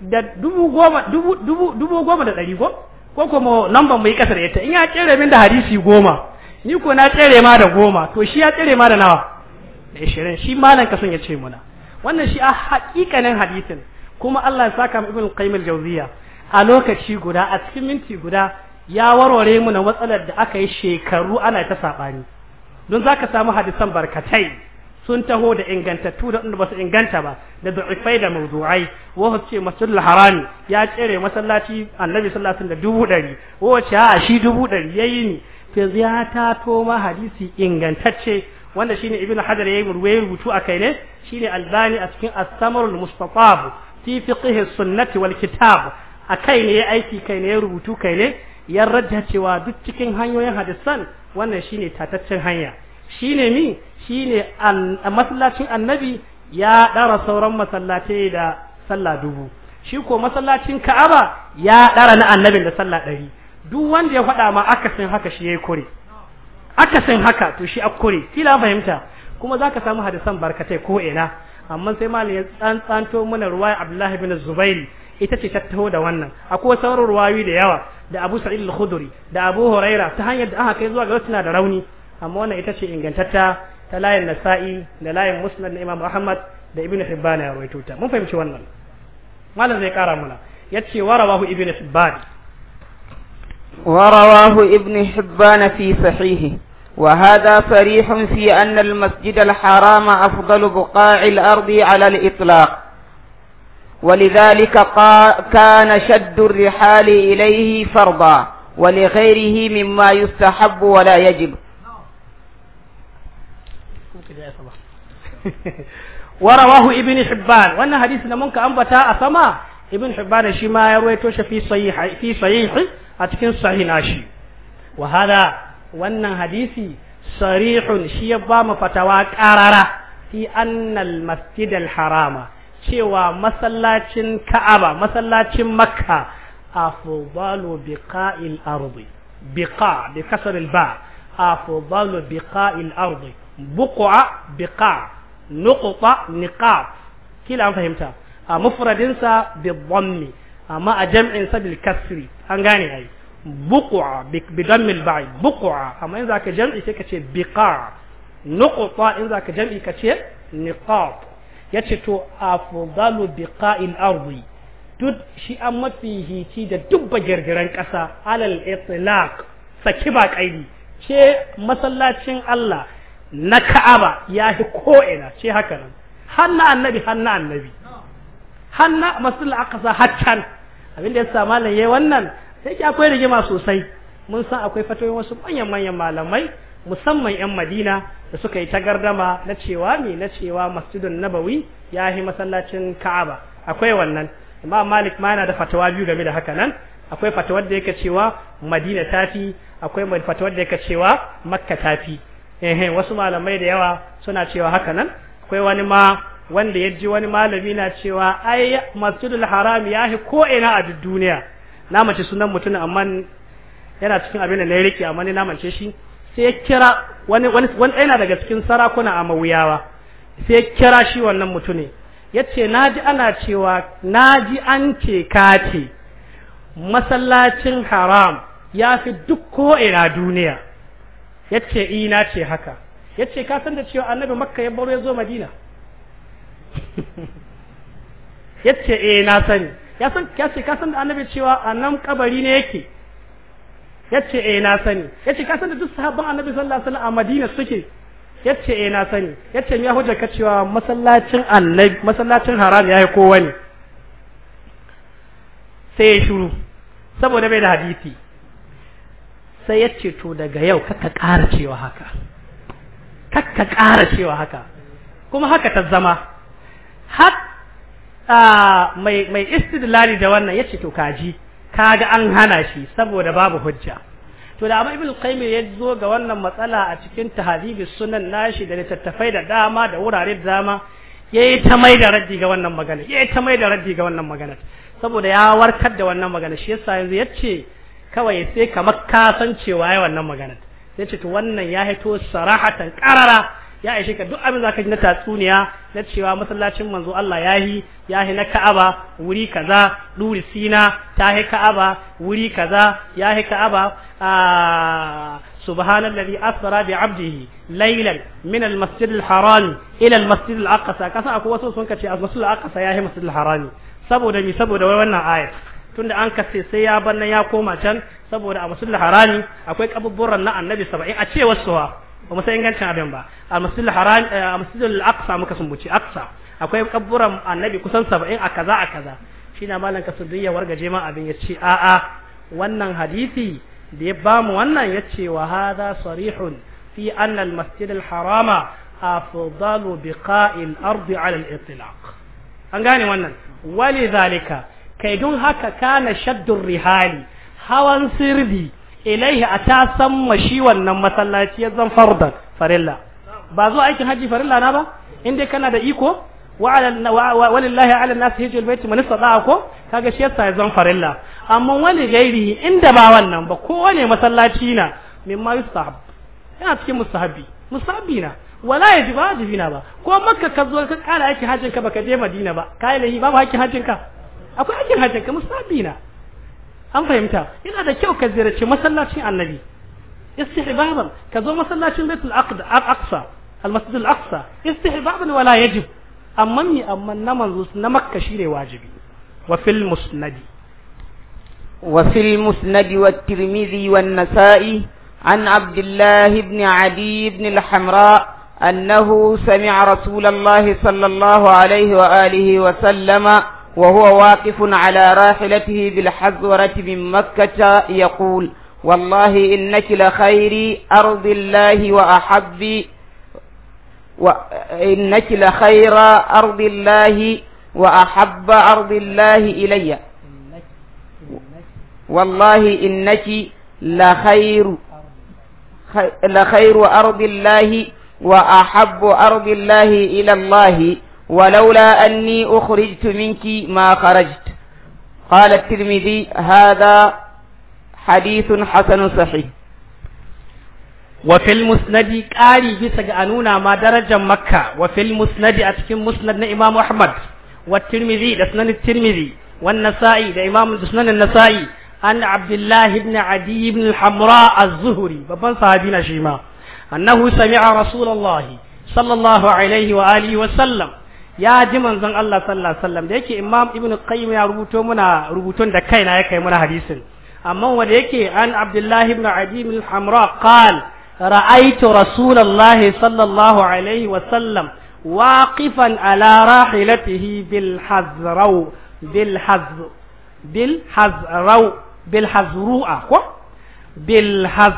da dubu goma dubu dubu dubu goma da ɗari ko ko kuma lambar mai kasar ita in ya tsere min da hadisi goma ni ko na tsere ma da goma to shi ya tsere ma da nawa da ishirin shi malam kasan ya ce muna wannan shi a hakikanin hadisin kuma Allah ya saka min ibn qayyim al-jawziya a lokaci guda a cikin minti guda ya warware mu na matsalar da aka yi shekaru ana ta saɓani don zaka samu hadisan barkatai sun taho da ingantattu da wanda ba inganta ba da da'ifai da mawdu'ai wasu ce masjidul haram ya tsere masallaci annabi sallallahu da dubu ɗari wace a shi dubu ɗari yayi ni to ma hadisi ingantacce wanda shine ibnu hadar yayi murwaye rubutu akai ne shine albani a cikin as-samarul mustatab fi fiqh as-sunnah wal kitab akai ne ya aiki kai ne ya rubutu kai ne ya rajja cewa duk cikin hanyoyin hadisan wannan shine tataccen hanya shine mi shine masallacin annabi ya dara sauran masallatai da sallah dubu shi ko masallacin ka'aba ya dara na annabin da sallah ɗari duk wanda ya faɗa ma akasin haka shi yayi kure akasin haka to shi akkure kila fahimta kuma zaka samu hadisan barkatai ko ina amma sai malam ya tsantsanto mana ruwaya Abdullahi bin Zubairi ita ce ta taho da wannan akwai sauran ruwayoyi da yawa da Abu Sa'id al-Khudri da Abu Huraira ta hanyar da aka kai zuwa ga wasu da rauni amma wannan ita ce ingantatta ta layin Nasa'i da layin Musnad na Imam Ahmad da Ibn Hibban ya rawaito ta mun fahimci wannan malam zai kara mana yace warawahu Ibn Hibban ورواه ابن حبان في صحيحه وهذا صريح في أن المسجد الحرام أفضل بقاع الأرض على الإطلاق ولذلك كان شد الرحال إليه فرضا ولغيره مما يستحب ولا يجب (laughs) ورواه ابن حبان وانا حديثنا منك أنبتاء أثما ابن حبان شما يرويتوش في صحيح في صحيح أتكن صحيح ناشي وهذا وانا حديثي صريح شيبا مفتوى قرارة في أن المسجد الحرام cewa masallacin ka'aba masallacin makka afdalu biqa'il ardi biqa bi kasr al ba afdalu niqab kila an fahimta a bi dhammi amma a jam'in sa bil kasri an gane ai bi al ba'i amma in zaka jam'i sai ka ce in zaka jam'i ka ce niqab yace to afdalu biqa'il ardi duk shi an mafi hici da duk bagirgiran kasa alal itlaq saki ba kaidi ce masallacin Allah na Ka'aba yahi ko ina ce haka nan hanna annabi hanna annabi hanna masul aqsa haccan abinda ya sa malam yayi wannan sai ki akwai rigima sosai mun san akwai fatoyin wasu manyan manyan malamai musamman 'yan madina da suka yi tagardama na cewa ne na cewa masjidun nabawi ya yi masallacin ka'aba akwai wannan amma malik ma yana da fatawa biyu game da haka nan akwai fatawar da yake cewa madina fi akwai fatawar da yake cewa makka tafi eh wasu malamai da yawa suna cewa haka nan akwai wani ma wanda ya ji wani malami na cewa ai masjidul haram ya yi ko ina a duniya na mace sunan mutum amma yana cikin abin da na yi riki amma ni na mace shi sai ya kira wani wani wani ɗaya daga cikin sarakuna a mawuyawa sai ya kira shi wannan mutune ya ce na ji ana cewa na ji an ce ka ce masallacin haram ya fi duk ko'ina duniya ya ce eh, na ce haka ya ce ka san da cewa annabi makka ya baro ya zo madina (laughs) ya ce e na sani ya ya ce ka san da annabi cewa a nan kabari ne yake yace eh na sani yace ka san da duk sahabban annabi sallallahu alaihi wasallam a Madina suke yace eh na sani yace me ya hujja ka cewa masallacin annabi masallacin haram yayi kowa ne sai ya shiru saboda bai da hadisi sai yace to daga yau ka ƙara cewa haka kakka ƙara cewa haka kuma haka ta zama har ah, mai istidlali da wannan yace to kaji kaga an hana shi saboda babu hujja to da amma ibnu qayyim ya zo ga wannan matsala a cikin tahdhibi sunan nashi da littattafai da dama da wurare da dama yayi ta mai da raddi ga wannan magana yayi ta mai da raddi ga wannan magana saboda ya warkar da wannan magana shi yasa yanzu yace kawai sai kamar cewa ya wannan magana yace to wannan ya hito sarahatan qarara ya aishe ka duk abin zaka ji na tatsuniya na cewa masallacin manzo Allah yahi yahi na Ka'aba wuri kaza duri sina tahi Ka'aba wuri kaza yahi Ka'aba a subhanallazi asra bi 'abdihi laylan masjid al-haram ila masjid al-aqsa kasa akwai wasu sun kace masjid al-aqsa yahi masjid al-haram saboda mi saboda wannan aya tunda an kace sai ya banna ya koma can saboda a masjid al-harami akwai na annabi a ba mu san ingancin abin ba al-masjidul haram eh, al aqsa muka sumbuci aqsa akwai kabburan annabi kusan 70 a kaza a kaza shine malan kasudiyya wargaje ma abin ya ce a a wannan hadisi da ya bamu wannan ya ce wa hadha sarihun fi anna al-masjidul harama afdalu biqa'il ardi 'ala al-itlaq an gane wannan wali zalika kai don haka kana shaddur rihali hawan sirdi ilaihi a ta san ma shi wannan masallaci ya zan fardan farilla ba zo aikin haji farilla na ba in dai kana da iko wa walillahi ala nas hijjul baiti man istata'a ko kaga shi yasa ya zan farilla amma wani gairi inda ba wannan ba ko wani masallaci na mimma yustahab yana cikin mustahabi mustahabi na wala yaji ba wajibi na ba ko makka ka zo ka kara aikin hajjin ka baka je madina ba kayi lahi babu aikin hajjin ka akwai aikin hajjin ka mustahabi na an fahimta yana da kyau ka ziyarci masallacin annabi istihbaban ka zo masallacin baitul aqsa almasjid al-aqsa istihbaban wala yajib amma mi amma na manzo na makka shine wajibi wa fil musnadi وفي المسند والترمذي والنسائي عن عبد الله بن عدي بن الحمراء أنه سمع رسول الله صلى الله عليه وآله وسلم وهو واقف على راحلته بالحزورة من مكة يقول والله إنك لخير أرض الله وأحب وإنك لخير أرض الله وأحب أرض الله إلي والله إنك لخير لخير أرض الله وأحب أرض الله إلى الله ولولا أني أخرجت منك ما خرجت قال الترمذي هذا حديث حسن صحيح وفي المسند قال بسج أنونا ما درجة مكة وفي المسند أتكم مسند إمام أحمد والترمذي لسنن الترمذي والنسائي لإمام لسنن النسائي أن عبد الله بن عدي بن الحمراء الزهري ببن صاحبنا شيما أنه سمع رسول الله صلى الله عليه وآله وسلم ya ji manzon Allah sallallahu alaihi wasallam da yake Imam Ibn Qayyim ya rubuto muna rubutun da kaina ya kai muna hadisin amma wanda yake an Abdullah ibn Adim al-Hamra qal ra'aytu Rasulullahi sallallahu alaihi wasallam waqifan ala rahilatihi bil hazraw bil hazr bil hazraw bil hazru'a ko bil haz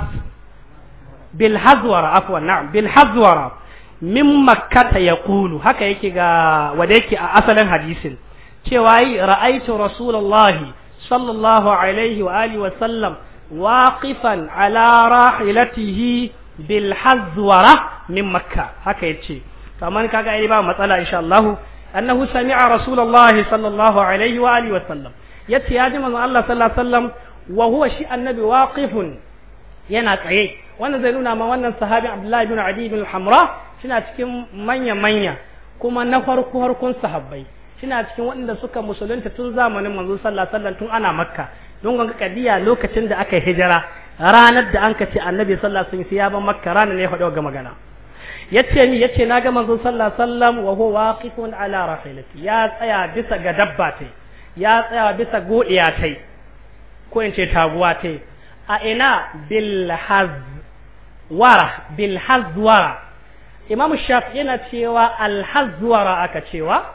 bil hazwara afwan na'am bil hazwara min makkata yaqulu haka yake ga wanda yake a asalin hadisin cewa yi ra'aitu rasulullahi sallallahu alaihi wa alihi wa sallam waqifan ala rahilatihi bil hazwara min makka haka yace kaman kaga ai ba matsala insha Allah annahu sami'a rasulullahi sallallahu alaihi wa alihi wa sallam yace ya ji manzon Allah sallallahu alaihi wa wa huwa shi annabi waqifun yana tsaye wannan zai nuna ma wannan sahabi Abdullahi bin Adi bin Hamra suna cikin manya-manya kuma na farko harkun sahabbai suna cikin waɗanda suka musulunta tun zamanin manzon sallallahu alaihi wasallam tun ana makka don ganga kadiya lokacin da aka hijira ranar da an kace annabi sallallahu alaihi wasallam ya ban makka ranar ne ya faɗi ga magana yace ni yace naga ga sallallahu alaihi wasallam wa huwa waqifun ala rahilati ya tsaya bisa ga dabba tai ya tsaya bisa godiya tai ko in ce taguwa tai a ina bil haz wara bil haz wara imamu shafi yana cewa alhazwara aka cewa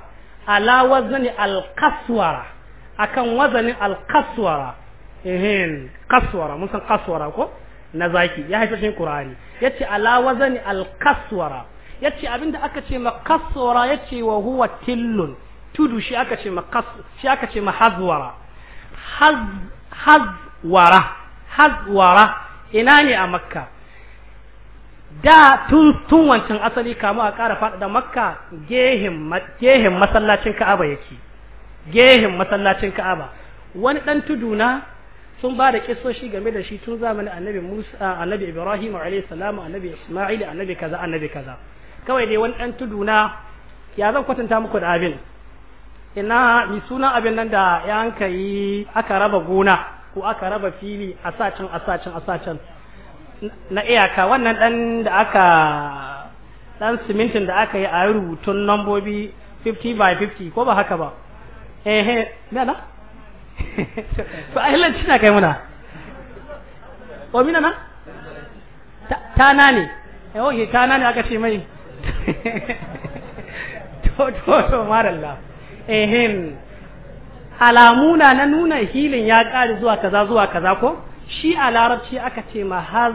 ala wazani alkaswara akan wazanin alkaswara ehin kaswara mun san kaswara ko na zaki ya haifar cikin qur'ani yace ala wazani alkaswara yace abinda aka ce ma kaswara yace wa huwa tillun tudu shi aka ce makas shi aka ce mahazwara haz hazwara hazwara ina ne a makka da tun tun wancan asali kamu a ƙara faɗaɗa makka gehen masallacin ka'aba yake gehen masallacin ka'aba wani ɗan tuduna sun ba da kisoshi game da shi tun zamanin annabi musa annabi ibrahim alayhi salamu annabi isma'il annabi kaza annabi kaza kawai dai wani ɗan tuduna ya zan kwatanta muku da abin ina mi suna abin nan da ya yi aka raba gona ko aka raba fili a sacin a sacin a sacin na iyaka wannan dan da aka dan simintin da aka yi a rubutun nambobi 50 by 50 ko ba haka ba ehe eh me (laughs) na to ai lan cina kai muna o mina na ta na ne eh ta na ne aka ce mai (laughs) to to to marallah ehe alamuna na na nuna hilin ya kare zuwa kaza zuwa kaza ko shi a larabci aka ce ma har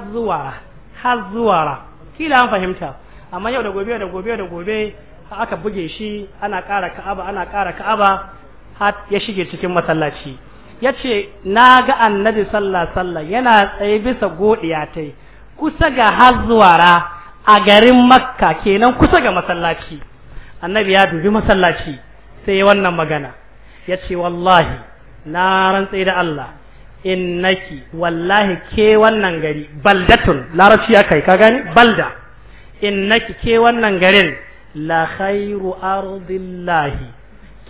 zuwara kila an fahimta amma yau da gobe da gobe da gobe aka buge shi ana ƙara ka'aba ana ƙara ka'aba har ya shige cikin masallaci ya ce na ga annabi sallah yana tsaye bisa godiya ta kusa ga hazuwara a garin makka kenan kusa ga masallaci annabi ya dubi masallaci sai wannan magana ya ce wallahi na rantse da Allah innaki wallahi ke wannan gari baldatun larabci ya kai ka gani balda innaki ke wannan garin la khairu ardillahi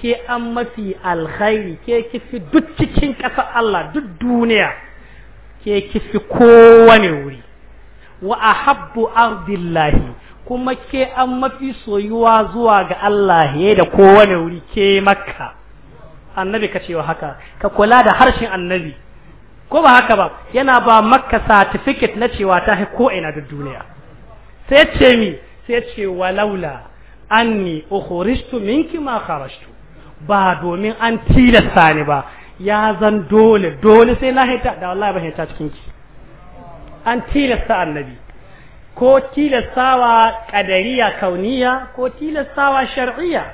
ke an mafi alkhairi ke kifi duk cikin ƙasar Allah duk duniya ke kifi kowane wuri wa ahabbu ardillahi kuma ke an mafi soyuwa zuwa ga Allah ya da kowane wuri ke makka annabi ka ce wa haka ka kula da harshen annabi ko ba haka ba yana ba makka certificate na cewa ta hi ko ina duk duniya sai ce mi sai ce wa laula anni ukhrijtu minki ma kharajtu ba domin an tilasta ni ba ya zan dole dole sai na hita da wallahi ba hita cikin ki an tilasta annabi ko tilastawa kadariya kauniya ko tilastawa shar'iyya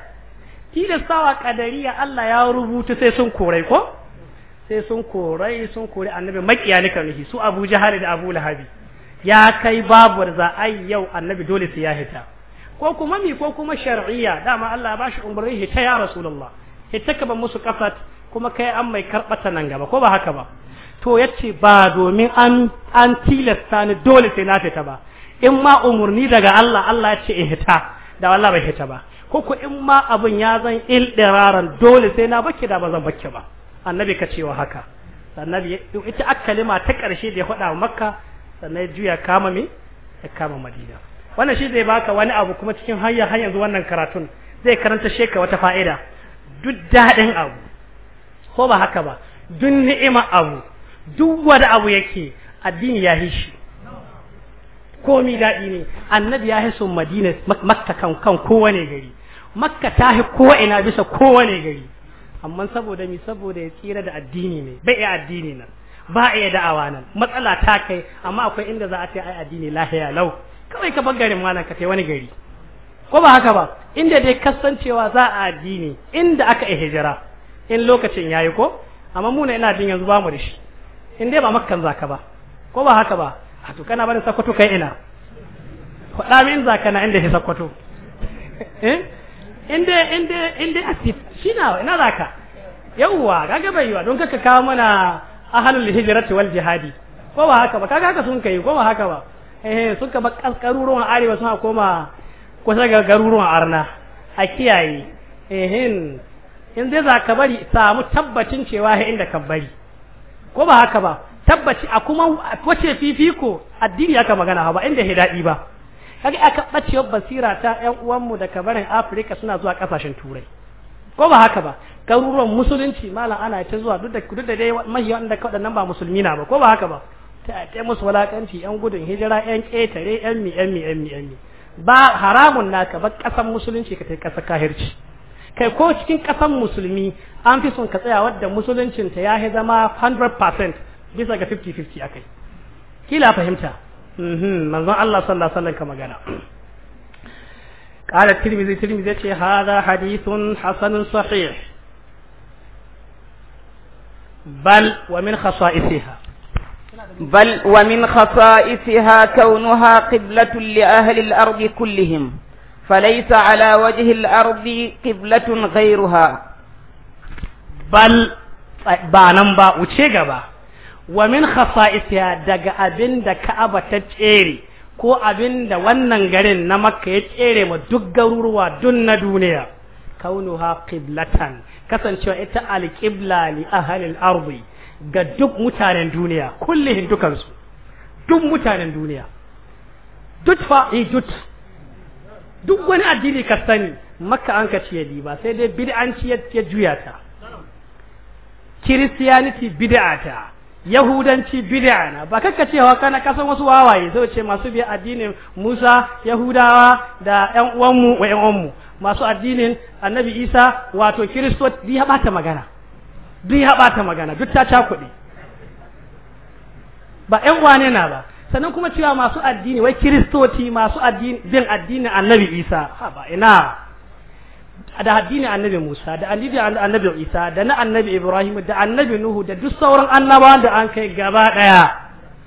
tilastawa kadariya Allah ya rubuta sai sun korai ko sai sun korai sun kori annabi makiya ne kan su Abu jahali da Abu Lahabi ya kai babu za yau annabi dole sai ya hita ko kuma mi ko kuma shar'iyya dama Allah ba shi umarni hita ya Rasulullah hita ka ban musu kafat kuma kai an mai karbata nan gaba ko ba haka ba to yace ba domin an an tilasta ni dole sai na fita ba in ma umurni daga Allah Allah ya ce in hita da Allah bai hita ba ko ko in ma abun ya zan ildiraran dole sai na bakke da ba zan bakke ba annabi ka cewa haka annabi ita akkalima ta karshe da ya faɗa wa makka sannan ya juya kama me ya kama madina wannan shi zai baka wani abu kuma cikin hanya har yanzu wannan karatun zai karanta sheka wata fa'ida duk daɗin abu ko ba haka ba duk ni'ima abu duk wani abu yake addini ya hishi komi daɗi ne annabi ya hiso madina makka kan kan kowane gari makka ta hi ko ina bisa kowane gari amma saboda mi saboda ya tsira da addini ne bai iya addini nan ba iya da'awa nan matsala ta kai amma akwai inda za a ce ai addini lahiya lau kawai ka bangare garin malam ka kai wani gari ko ba haka ba inda dai kasancewa za a addini inda aka yi hijira in lokacin yayi ko amma muna ina jin yanzu ba mu da shi in dai ba makkan zaka ba ko ba haka ba a to kana barin sakwato kai ina faɗa min zaka na inda ke sakwato. (laughs) eh inda inda inda asit shina ina zaka yauwa kaga bai yiwa don kaka kawo mana ahlul hijrati wal jihadi ko ba haka ba kaga haka sun kai ko ba haka ba eh sun ka ba garuruwan arewa suna koma kusa ga garuruwan arna a kiyaye ehin in dai za ka bari samu tabbacin cewa ya inda ka bari ko ba haka ba tabbaci a kuma wace fifiko addini aka magana ba inda daɗi ba kaga aka bacewar basira ta ƴan uwanmu da kabarin Afirika suna zuwa kasashen turai ko ba haka ba garuruwan musulunci malam ana ta zuwa duk da duk da dai mahi wanda waɗannan ba musulmi na ba ko ba haka ba ta ta musu walakanci ƴan gudun hijira ƴan ƙetare ƴan mi ƴan mi ƴan mi ƴan mi ba haramun naka ba ƙasan musulunci ka kai ƙasar kahirci kai ko cikin ƙasan musulmi an fi son ka tsaya wadda musuluncin ta ya zama 100% bisa ga 50-50 akai kila fahimta manzon Allah sallallahu alaihi wasallam ka magana قال الترمذي الترمذي يقول هذا حديث حسن صحيح بل ومن خصائصها بل ومن خصائصها كونها قبلة لأهل الأرض كلهم فليس على وجه الأرض قبلة غيرها بل بانم با وچه wa min khasa'isiha daga abin da Ka'aba ta tsere ko abin da wannan garin na Makka ya tsere ma duk garuruwa dun na duniya kaunuha qiblatan kasancewa ita al-qibla li ahli al-ardi ga duk mutanen duniya kullihin dukansu duk mutanen duniya duk fa eh, duk duk wani addini ka sani makka an ka ciye ba sai dai bid'anci ya juya ta kiristiyaniti bid'ata yahudanci bid'a na ba kakka cewa kana kasan wasu wawaye zai ce masu bi addinin Musa Yahudawa da ƴan uwanmu wa ƴan uwanmu masu addinin Annabi Isa wato Kiristo bi ya bata magana duk ya bata magana duk ta cakuɗe ba ƴan wane na ba sannan kuma cewa masu addini wai Kiristoci masu addini bin addinin Annabi Isa ha ba ina da addini annabi Musa da annabi annabi Isa da na annabi Ibrahim da annabi Nuhu da duk sauran annabawan da an kai gaba daya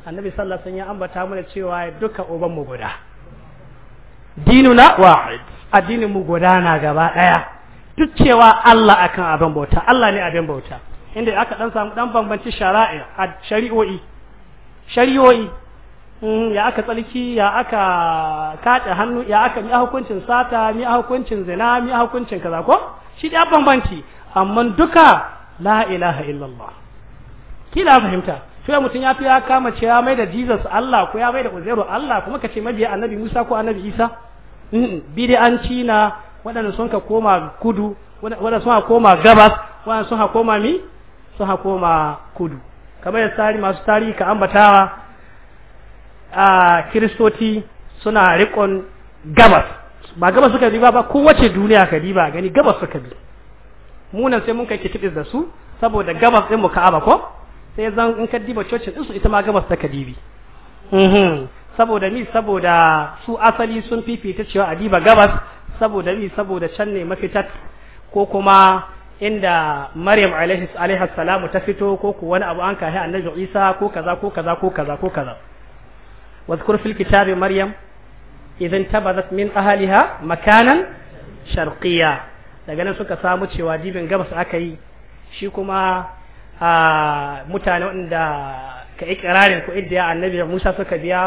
annabi sallallahu alaihi wasallam ya ambata mana cewa duka uban mu guda dinuna wahid addinin mu guda na gaba daya duk cewa Allah akan abin bauta Allah ne abin bauta inda aka dan samu dan bambanci shari'a shari'o'i shari'o'i Mm, ya aka tsalki ya aka kace hannu ya aka mi hukuncin sata mi hukuncin zina mi hukuncin kaza ko shi da bambanci amma duka la ilaha illallah kila fahimta sai mutum ya fi ya kama ce ya mai da Jesus Allah ko ya mai da Uzairu Allah kuma kace mabiya annabi Musa ko annabi Isa an na waɗanda sun ka koma kudu waɗanda sun ka koma gabas waɗanda sun ka koma mi sun ka koma kudu kamar yadda tsari masu tarihi ka ambatawa A kiristoci suna rikon gabas ba gabas suka bi ba kowace duniya ka ba gani gabas suka bi munan sai mun kai kitibis da su saboda gabas din mu ka'aba ko sai zan in ka diba cocin din su ita ma gabas ta kadibi mhm saboda ni saboda su asali sun fifita cewa a diba gabas saboda ni saboda can ne mafitat ko kuma inda Maryam alaihi salamu ta fito ko ku wani abu an kahi annabi Isa ko kaza ko kaza ko kaza ko kaza واذكر في الكتاب مريم إذا انتبذت من أهلها مكانا شرقيا daga nan suka samu cewa dibin gabas aka yi shi kuma mutane wanda ka ikirarin ko idda annabi Musa suka biya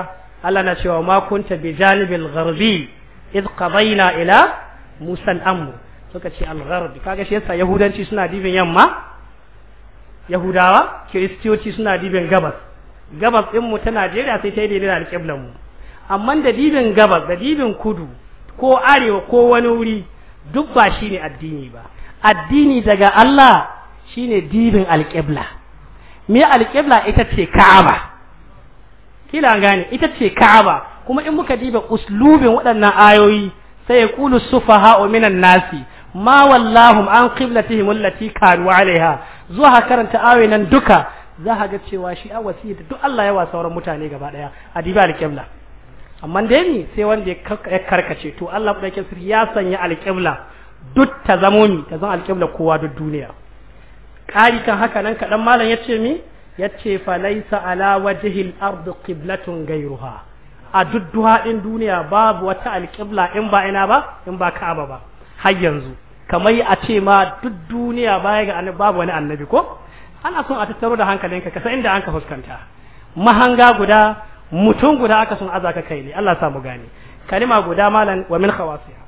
Allah na cewa ma kunta bi janibil gharbi id qadayna ila Musa al-amr suka ce al-gharbi kaga shi yasa yahudanci suna dibin yamma yahudawa kiristoci suna dibin gabas gabas din mu ta Najeriya sai ta yi daidai da alƙiblan mu amma da dibin gabas da dibin kudu ko arewa ko wani wuri duk ba shine addini ba addini daga Allah shine dibin alƙibla me alƙibla ita ce Ka'aba kila gane ita ce Ka'aba kuma in muka diba uslubin waɗannan ayoyi sai ya kulu o minan nasi ma wallahum an qiblatihim allati kanu alaiha zuwa karanta ayoyin nan duka za a ga cewa shi a wasi da duk Allah ya wa sauran mutane gaba ɗaya a dibi alƙibla amma dai ni sai wanda ya karkace to Allah da sirri ya sanya alƙibla duk ta zamo ni ta zan alƙibla kowa duk duniya ƙari kan haka nan kaɗan malam ya ce mi ya ce fa laisa ala wajhil ardi qiblatun gairuha a duk din duniya babu wata alƙibla in ba ina ba in ba ka'aba ba har yanzu kamar a ce ma duk duniya baya ga babu wani annabi ko ana son a tattaro da hankalinka ka san inda an ka fuskanta mahanga guda mutum guda aka sun azaka kai ne Allah sa mu gane kalima guda malan wa min khawasiha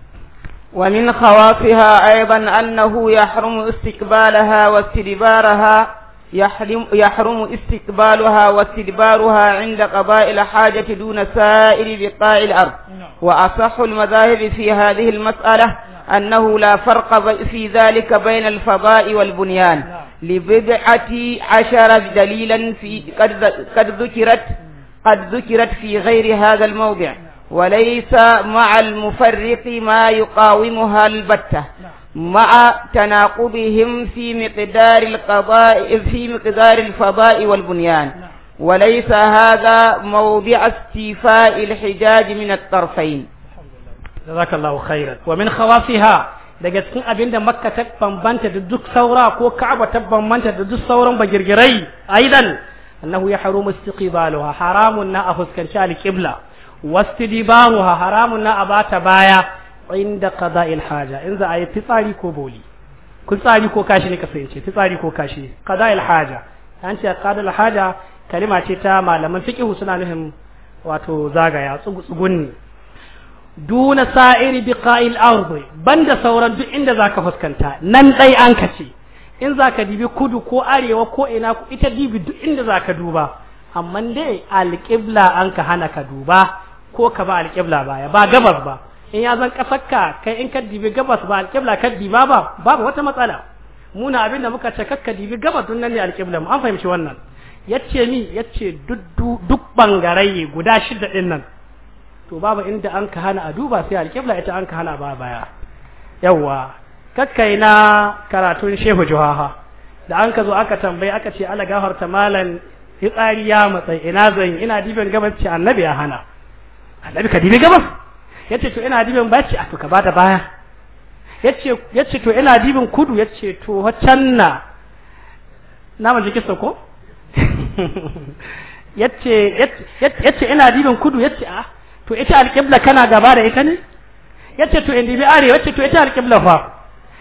wa min khawafiha aidan annahu yahrumu istiqbalaha wa istidbaraha يحرم, يحرم استقبالها واستدبارها عند قضاء الحاجة دون سائر بقاع الأرض وأصح المذاهب في هذه المسألة أنه لا فرق في ذلك بين الفضاء والبنيان لبضعة عشر دليلا في قد, قد ذكرت قد ذكرت في غير هذا الموضع وليس مع المفرق ما يقاومها البتة مع تناقضهم في مقدار القضاء في مقدار الفضاء والبنيان وليس هذا موضع استيفاء الحجاج من الطرفين جزاك الله خيرا ومن خواصها daga cikin abin da makka ta bambanta da duk saura ko ka'aba ta bambanta da duk sauran bagirgirai aidan annahu ya harumu istiqbaluha haramun na a fuskanci alqibla wastidibaruha haramun na a bata baya inda qada'il haja in za a yi fitsari ko boli fitsari ko kashi ne ka fahimce fitsari ko kashi qada'il haja an ce qada'il haja kalima ce ta malaman fiqh suna nufin wato zagaya tsugunni duna sa'iri biqa'il ardi banda sauran duk inda zaka fuskanta nan dai an kace in zaka dibi kudu ko arewa ko ina ku ita dibi duk inda zaka duba amma dai alqibla an ka hana ka duba ko ka ba alqibla baya ba gabas ba in ya zan kasakka kai in ka dibi gabas ba alqibla ka diba ba babu wata matsala muna abin da muka ce kakka dibi gabas dun nan ne alqibla mu an fahimci wannan yace ni yace duk duk bangarai guda shida din nan to babu inda an ka hana a duba sai alƙibla ita an ka hana ba baya yawwa kakkai na karatun shehu juhaha da an ka zo aka tambayi aka ce ala gafarta malan fitsari ya matsayi ina zan ina dibin gabas ce annabi ya hana annabi ka dibi gabas yace to ina dibin ce a to ka bada baya yace yace to ina dibin kudu yace to waccan na nama jiki sako (laughs) yace yace ina dibin kudu yace a ah, to ita alƙibla kana gaba da ita ne yace to indibi arewa yace to ita alƙibla fa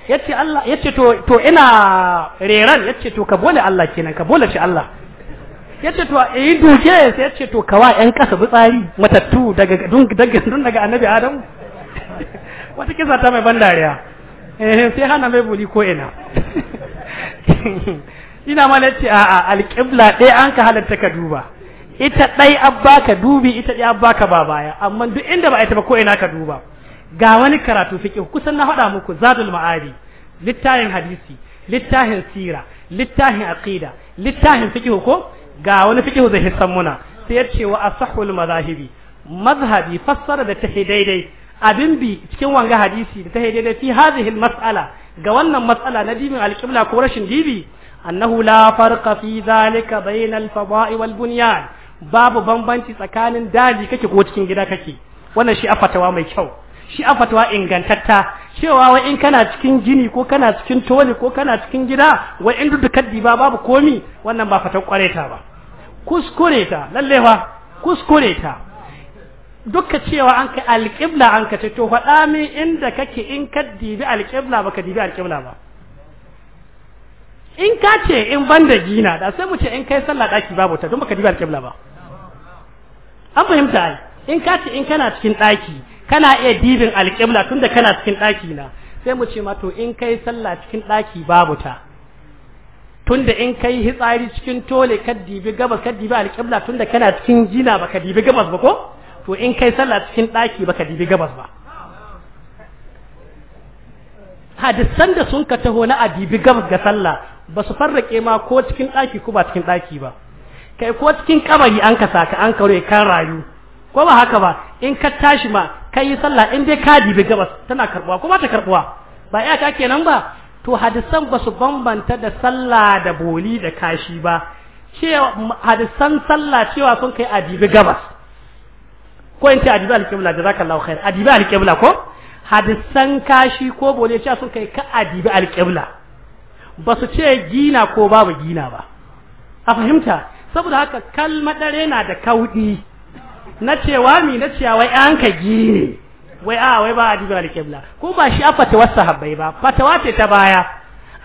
yace Allah yace to to ina reran yace to ka bole Allah kenan ka bole shi Allah yace to yi duke sai yace to kawa ƴan kasa tsari matattu daga dun daga dun daga annabi Adam (laughs) wata kisa ta mai ban dariya eh sai hana mai buli ko ina (laughs) ina ma yace a a alƙibla dai an ka halatta ka duba ita ɗai abba ka dubi ita ɗai abba ba baya amma duk inda ba a ba ko ina ka duba ga wani karatu fiqh kusan na faɗa muku zadul ma'adi littafin hadisi littafin sira littafin aqida littafin fiqh ko ga wani fiqh zai hissan muna sai yace wa asahul mazahibi mazhabi fassara da tahi daidai abin bi cikin wanga hadisi da tahi daidai fi hadhihi mas'ala ga wannan mas'ala na dibin alqibla ko rashin dibi annahu la farqa fi zalika bayna fadai wal bunyan babu bambanci tsakanin daji kake ko cikin gida kake wannan shi afatawa mai kyau shi afatawa ingantatta cewa wai in kana cikin gini ko kana cikin toli ko kana cikin gida wai in duk kaddi ba babu komi wannan ba fatan kwareta ba kuskure ta lalle fa kuskure ta dukka cewa an kai alƙibla an ka to faɗa min inda kake in ka dibi alƙibla baka dibi alƙibla ba in ka ce in ban da gina da sai mu ce in kai sallah daki babu ta don baka diba alƙibla ba an fahimta ai in ka ce in kana cikin daki kana iya dibin alƙibla tunda kana cikin daki na sai mu ce ma to in kai sallah cikin daki babu ta tunda in kai hitsari cikin tole ka dibi gabas ka dibi alƙibla tunda kana cikin gina baka dibi gabas ba ko to in kai sallah cikin daki baka dibi gabas ba hadisan da sun ka taho na adibi gabas ga sallah ba su farrake ma ko cikin ɗaki ko ba cikin ɗaki ba kai ko cikin kabari an ka saka an kare kan rayu ko ba haka ba in ka tashi ma kai yi sallah in dai ka dibi gabas tana karbuwa ko ba ta karbuwa ba iya ka kenan ba to hadisan ba su bambanta da sallah da boli da kashi ba cewa hadisan sallah cewa sun kai adibi gabas ko in ce adibi alƙibla jazakallahu khair adibi alƙibla ko hadisan kashi ko boli cewa sun kai ka adibi alƙibla ba su ce gina ko babu gina ba a fahimta saboda haka kalmar na da kauɗi na cewa mi na cewa wai an ka gini wai a wai ba a dubi da kibla ko ba shi a fatawar sahabbai ba fatawa ce ta baya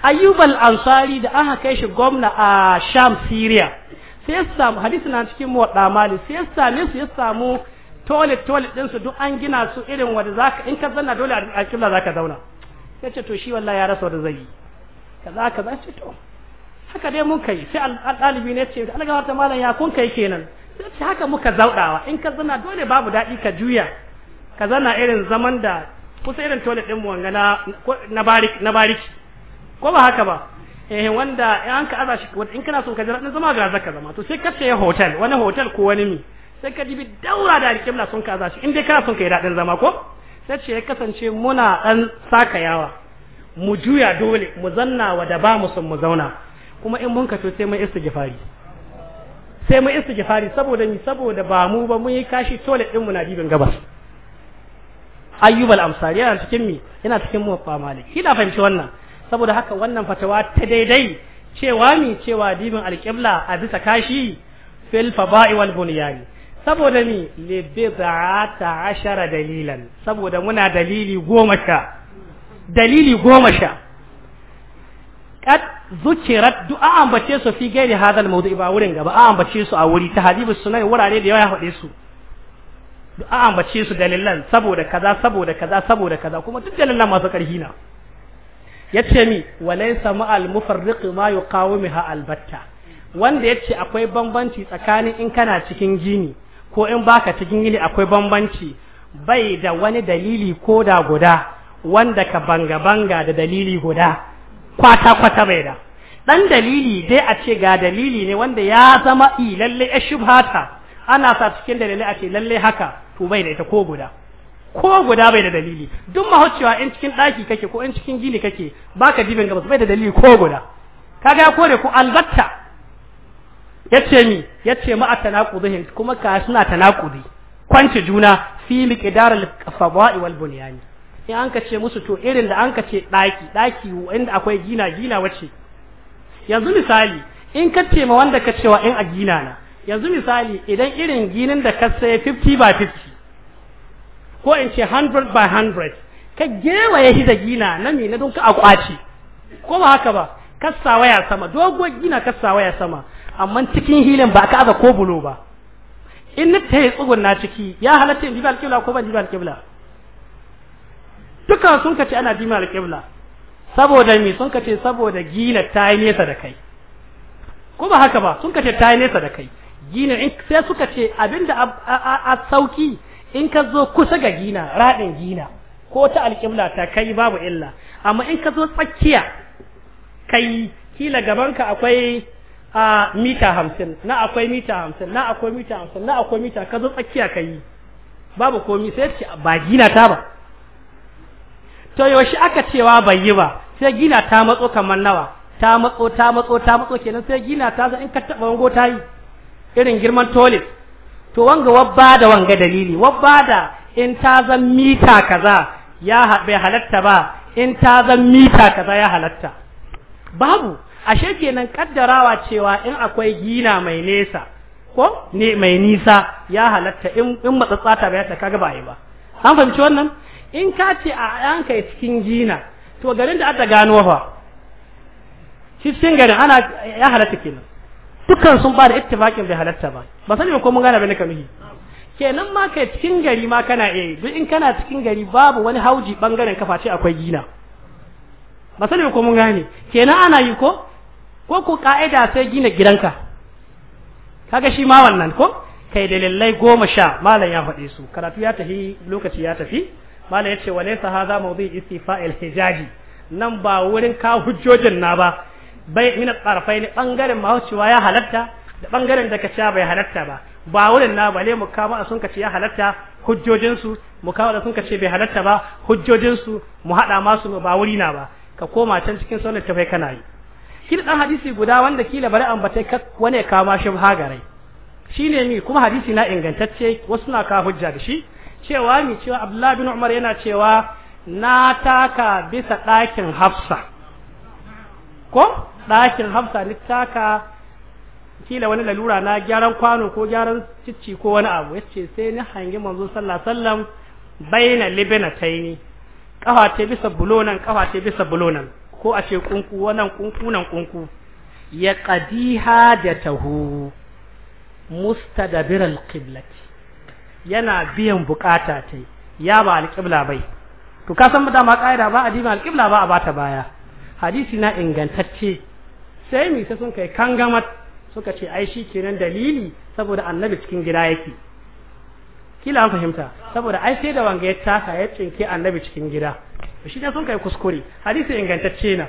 ayyubal ansari da aka kai shi gwamna a sham syria sai ya samu hadisi na cikin muwadda mali sai ya same su ya samu toilet toilet ɗinsu duk an gina su irin wanda zaka in ka zanna dole a kibla zaka zauna ce to shi wallahi ya rasa wanda zai yi kaza kaza ce to haka dai mun kai sai al-dalibi ne ce an ga wata malam ya kun kai kenan sai haka muka zaudawa in ka zana dole babu daɗi ka juya ka zana irin zaman da kusa irin toilet din wanga na bariki ko ba haka ba eh wanda in an ka aza shi in kana son ka jira ɗin zama ga zaka zama to sai ka ce hotel wani hotel ko wani mi sai ka dibi daura da alƙibla sun ka aza shi in dai kana son ka yi daɗin zama ko sai ce ya kasance muna ɗan sakayawa mu juya dole mu zanna wa da ba mu son mu zauna kuma in mun kato sai mun istighfari sai mun istighfari saboda ni saboda ba mu ba mun yi kashi tole din mu na dibin gabas ayyubal amsari yana cikin mi yana cikin fa malik kila fahimci wannan saboda haka wannan fatawa ta daidai cewa mi cewa dibin alqibla a bisa kashi fil fada'i wal bunyan saboda ni li bi'ata ashara dalilan saboda muna dalili goma sha dalili goma sha kad zukirat du'a ambace su fi gairi hadal mawdu'i ba wurin gaba a ambace su a wuri ta tahdibus sunan wurare da yawa ya su du'a ambace su dalilan saboda kaza saboda kaza saboda kaza kuma duk dalilan masu karhi na yace mi walaysa ma'al mufarriq ma yuqawimaha albatta wanda yace akwai bambanci tsakanin in kana cikin gini ko in baka cikin gini akwai bambanci bai da wani dalili ko da guda wanda ka banga-banga da dalili guda kwata-kwata bai da ɗan dalili dai a ce ga dalili ne wanda ya zama i lalle ya shubhata ana sa cikin dalili a ce lalle haka to bai da ita ko guda ko guda bai da dalili duk mahaucewa in cikin ɗaki kake ko in cikin gini kake baka dibin gabas bai da dalili ko guda kaga kore ku albatta yace mi yace ma atanaqudihin kuma ka suna tanakudi kwance juna fi miqdar al-fada'i wal bunyani in an ka ce musu to irin da an ka ce daki daki inda akwai gina gina wace yanzu misali in ka ce ma wanda ka cewa in a gina na yanzu misali idan irin ginin da ka sai 50 by 50 ko in ce 100 by 100 ka gewa shi da gina na me na don ka akwaci ko ba haka ba kassa waya sama dogo gina kassa waya sama amma cikin hilin ba ka aza ko bulo ba in na ta yi tsugun na ciki ya halatta in ji ba alƙibla ko ban ji ba alƙibla duka sun ka ce ana jima alƙibla saboda mi sun ka ce saboda gina ta yi nesa da kai ko ba haka ba sun ce ta yi nesa da kai gina in sai suka ce abinda a sauki in ka zo kusa ga gina raɗin gina ko ta alƙibla ta kai babu illa amma in ka zo tsakiya kai kila gabanka akwai a mita hamsin na akwai mita hamsin na akwai mita hamsin na akwai mita ka zo tsakiya ka yi babu komi sai ce ba gina ta ba to yaushe aka cewa bai yi ba sai gina ta matso kamar nawa ta matso ta matso ta matso kenan sai gina ta in ka taba wango ta yi irin girman toilet to wanga wabba da wanga dalili wabba da in ta zan mita kaza ya bai halatta ba in ta zan mita kaza ya halatta babu ashe kenan kaddarawa cewa in akwai gina mai nesa ko ne mai nisa ya halatta in in matsatsata bai ta kaga ba yi ba an fahimci wannan in ka ce a yanka cikin gina to garin da aka gano fa cikin garin ana ya halatta kenan dukkan sun ba da ittifaqin bai halatta ba ba sani ko mun gane bane kanuhi kenan ma kai cikin gari ma kana eh duk in kana cikin gari babu wani hauji bangaren kafa ce akwai gina ba sani ko mun gane kenan ana yi ko ko ku ka'ida sai gina gidanka kaga shi ma wannan ko kai da lallai goma sha malam ya faɗe su karatu ya tafi lokaci ya tafi mala yace walaysa hadha mawdi istifa'il hijaji nan ba wurin ka hujjojin na ba bai mina tsarfai ne bangaren mahaucewa ya halatta da bangaren da ka ci bai halatta ba ba wurin na bale mu kama sun ka ce ya halatta hujjojin su mu kama da sun ka ce bai halatta ba hujjojin su mu hada su ba wuri na ba ka koma can cikin sunan tafai kana yi kila dan hadisi guda wanda kila bari ambatai wani kama shi ba hagarai shine mi kuma hadisi na ingantacce wasu na ka hujja da shi cewa mi cewa abdullahi bin umar yana cewa na taka bisa ɗakin hafsa ko ɗakin hafsa ni taka kila wani lalura na gyaran kwano ko gyaran cicci ko wani abu yace sai ni hangi manzo sallallahu alaihi wasallam baina libna taini kafa ta bisa bulonan kafa ta bisa bulonan ko a ce kunku wannan kunku nan kunku ya qadiha da tahu mustadabiral qiblati yana biyan bukata ta ya ba alƙibla bai to ka san dama ƙa'ida ba a dima alƙibla ba a bata baya hadisi na ingantacce sai nisa sai sun kai kangamat suka ce ai shi kenan dalili saboda annabi cikin gida yake kila an fahimta saboda ai sai da wanga ya taka ya tsinke annabi cikin gida shi ne sun kai kuskure hadisi ingantacce na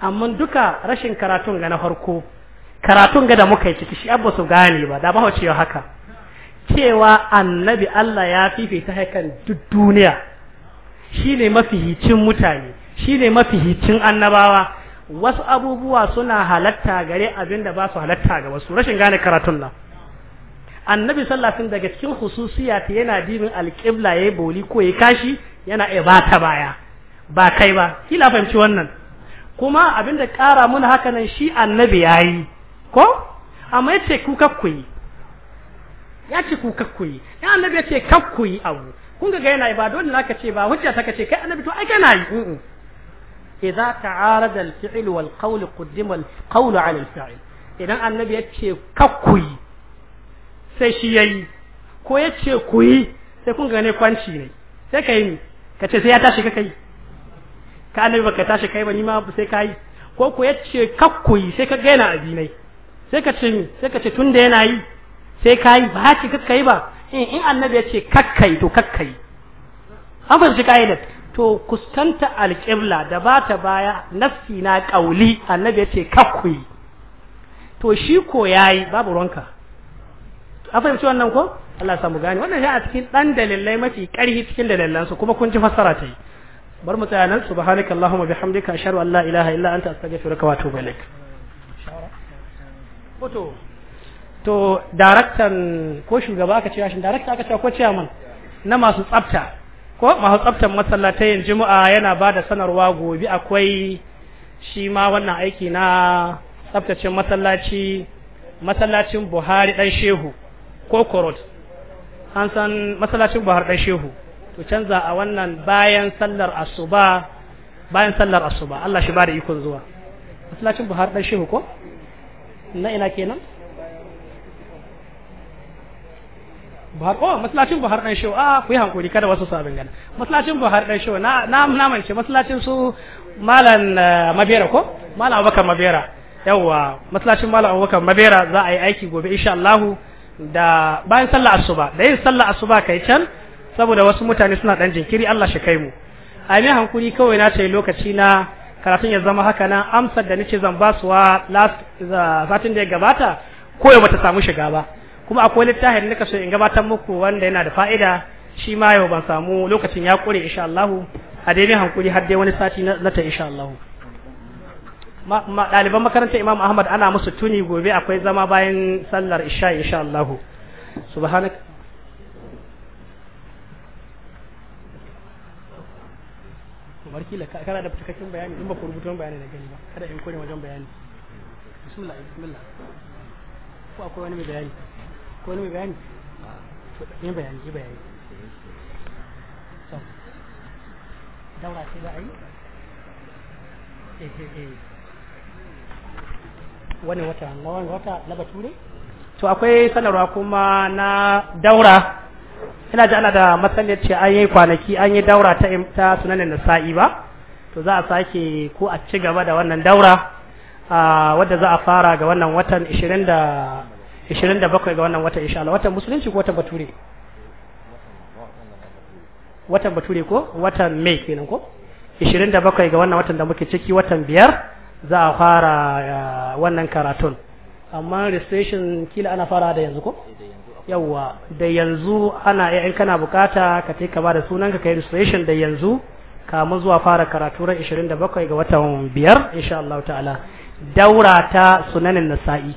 amma duka rashin karatun ga na farko karatun ga da muka yi ciki shi abba su gane ba da ba haka cewa annabi Allah ya fifita haikan duk duniya shine mafihicin mutane shine mafihicin annabawa wasu abubuwa suna halatta gare abinda ba su halatta ga wasu rashin gane karatun nan annabi sallafin daga cikin hususiya ta yana dimin alƙibla yi boli ko ya kashi yana iya bata baya ba kai ba kila fahimci wannan kuma abin da ƙara muna hakanan shi annabi ya yi ko amma yace ku yi. ya ce ku kakkuyi ya annabi ya ce kakkuyi abu kun ga yana ba dole naka ce ba hujja ta kace kai annabi to ai kana yi idza ta'arada al-fi'l wal qawl quddima al-qawl 'ala al-fi'l idan annabi ya ce kakkuyi sai shi yayi ko ya ce kuyi sai kun ga ne kwanci ne sai kai ka ce sai ya tashi ka kai ka annabi baka tashi kai ba ni ma sai kai ko ko ya ce kakkuyi sai ka ga yana abinai sai ka ce sai ka ce tunda yana yi sai yi ba ce yi ba eh, in annabi ya ce yi to yi an fahimci ka'idar to kustanta alƙibla da ba ta baya nafsi na ƙauli annabi ya ce yi to shi ko ya yi babu ruwanka an fahimci wannan ko Allah ya samu gane wannan shi a cikin ɗan dalilai mafi ƙarfi cikin dalilansu kuma kun ji fassara ta yi bar mu tsaya nan subhanaka allahumma bihamdika ashhadu an la ilaha illa anta astaghfiruka wa atubu ilaik foto to daraktan ko shugaba aka ce shi daraktan aka ce ko ciyaman na masu tsafta ko masu tsaftan masallatayin juma'a yana ba da sanarwa gobe akwai shi ma wannan aiki na tsaftace masallaci masallacin Buhari dan Shehu ko Korot an san masallacin Buhari dan Shehu to canza a wannan bayan sallar asuba bayan sallar asuba Allah shi ba da ikon zuwa masallacin Buhari dan Shehu ko na ina kenan Buhar oh masallacin Buhar dan shehu ah ku yi hankuri kada wasu sabin gana masallacin Buhar dan shehu na na mance masallacin su malam eh, Mabera ko malam Abubakar Mabera yawa masallacin malam Abubakar Mabera za a yi aiki gobe insha Allah da bayan sallar asuba da yin sallar asuba kai can saboda wasu mutane suna dan jinkiri Allah shi kai mu a yi hankuri kawai na ce lokaci na karatun ya zama haka nan amsar da nace zan ba su wa last satin da ya gabata ko ya bata samu shiga ba kuma akwai littafin da so in gabatar muku wanda yana da fa'ida shi ma yau ban samu lokacin ya kure insha Allah a daidai hankuri har dai wani sati na ta insha Allah ma daliban makarantar Imam Ahmad ana musu tuni gobe akwai zama bayan sallar isha insha Allah subhanak barki la kana da fitakkin bayani in ba ku rubuta bayani da gani ba kada in kore wajen bayani bismillah bismillah ko akwai wani bayani Ko wani bayani yin bayani yi bayani daura za a yi eh, eh, eh. wani wata na wani wata na bature to akwai sanarwa kuma na daura ina ji ana da matsalar ce an yi kwanaki an yi daura ta ta sunanin nasa'i ba to za a sake ko a ci gaba da wannan daura ah, wadda za a fara ga wannan watan 20 ishirin da bakwai ga wannan wata insha Allah watan musulunci ko watan bature watan bature ko watan mai kenan ko ishirin da bakwai ga wannan watan da muke ciki watan biyar za a fara eh, wannan karatun amma registration kila ana fara da yanzu ko yawa da yanzu ana eh, in kana bukata ka kai ka ba da sunan ka kai registration da yanzu kamu zuwa fara karatu ran 27 ga watan biyar insha Allah ta'ala daura ta sunanin nasa'i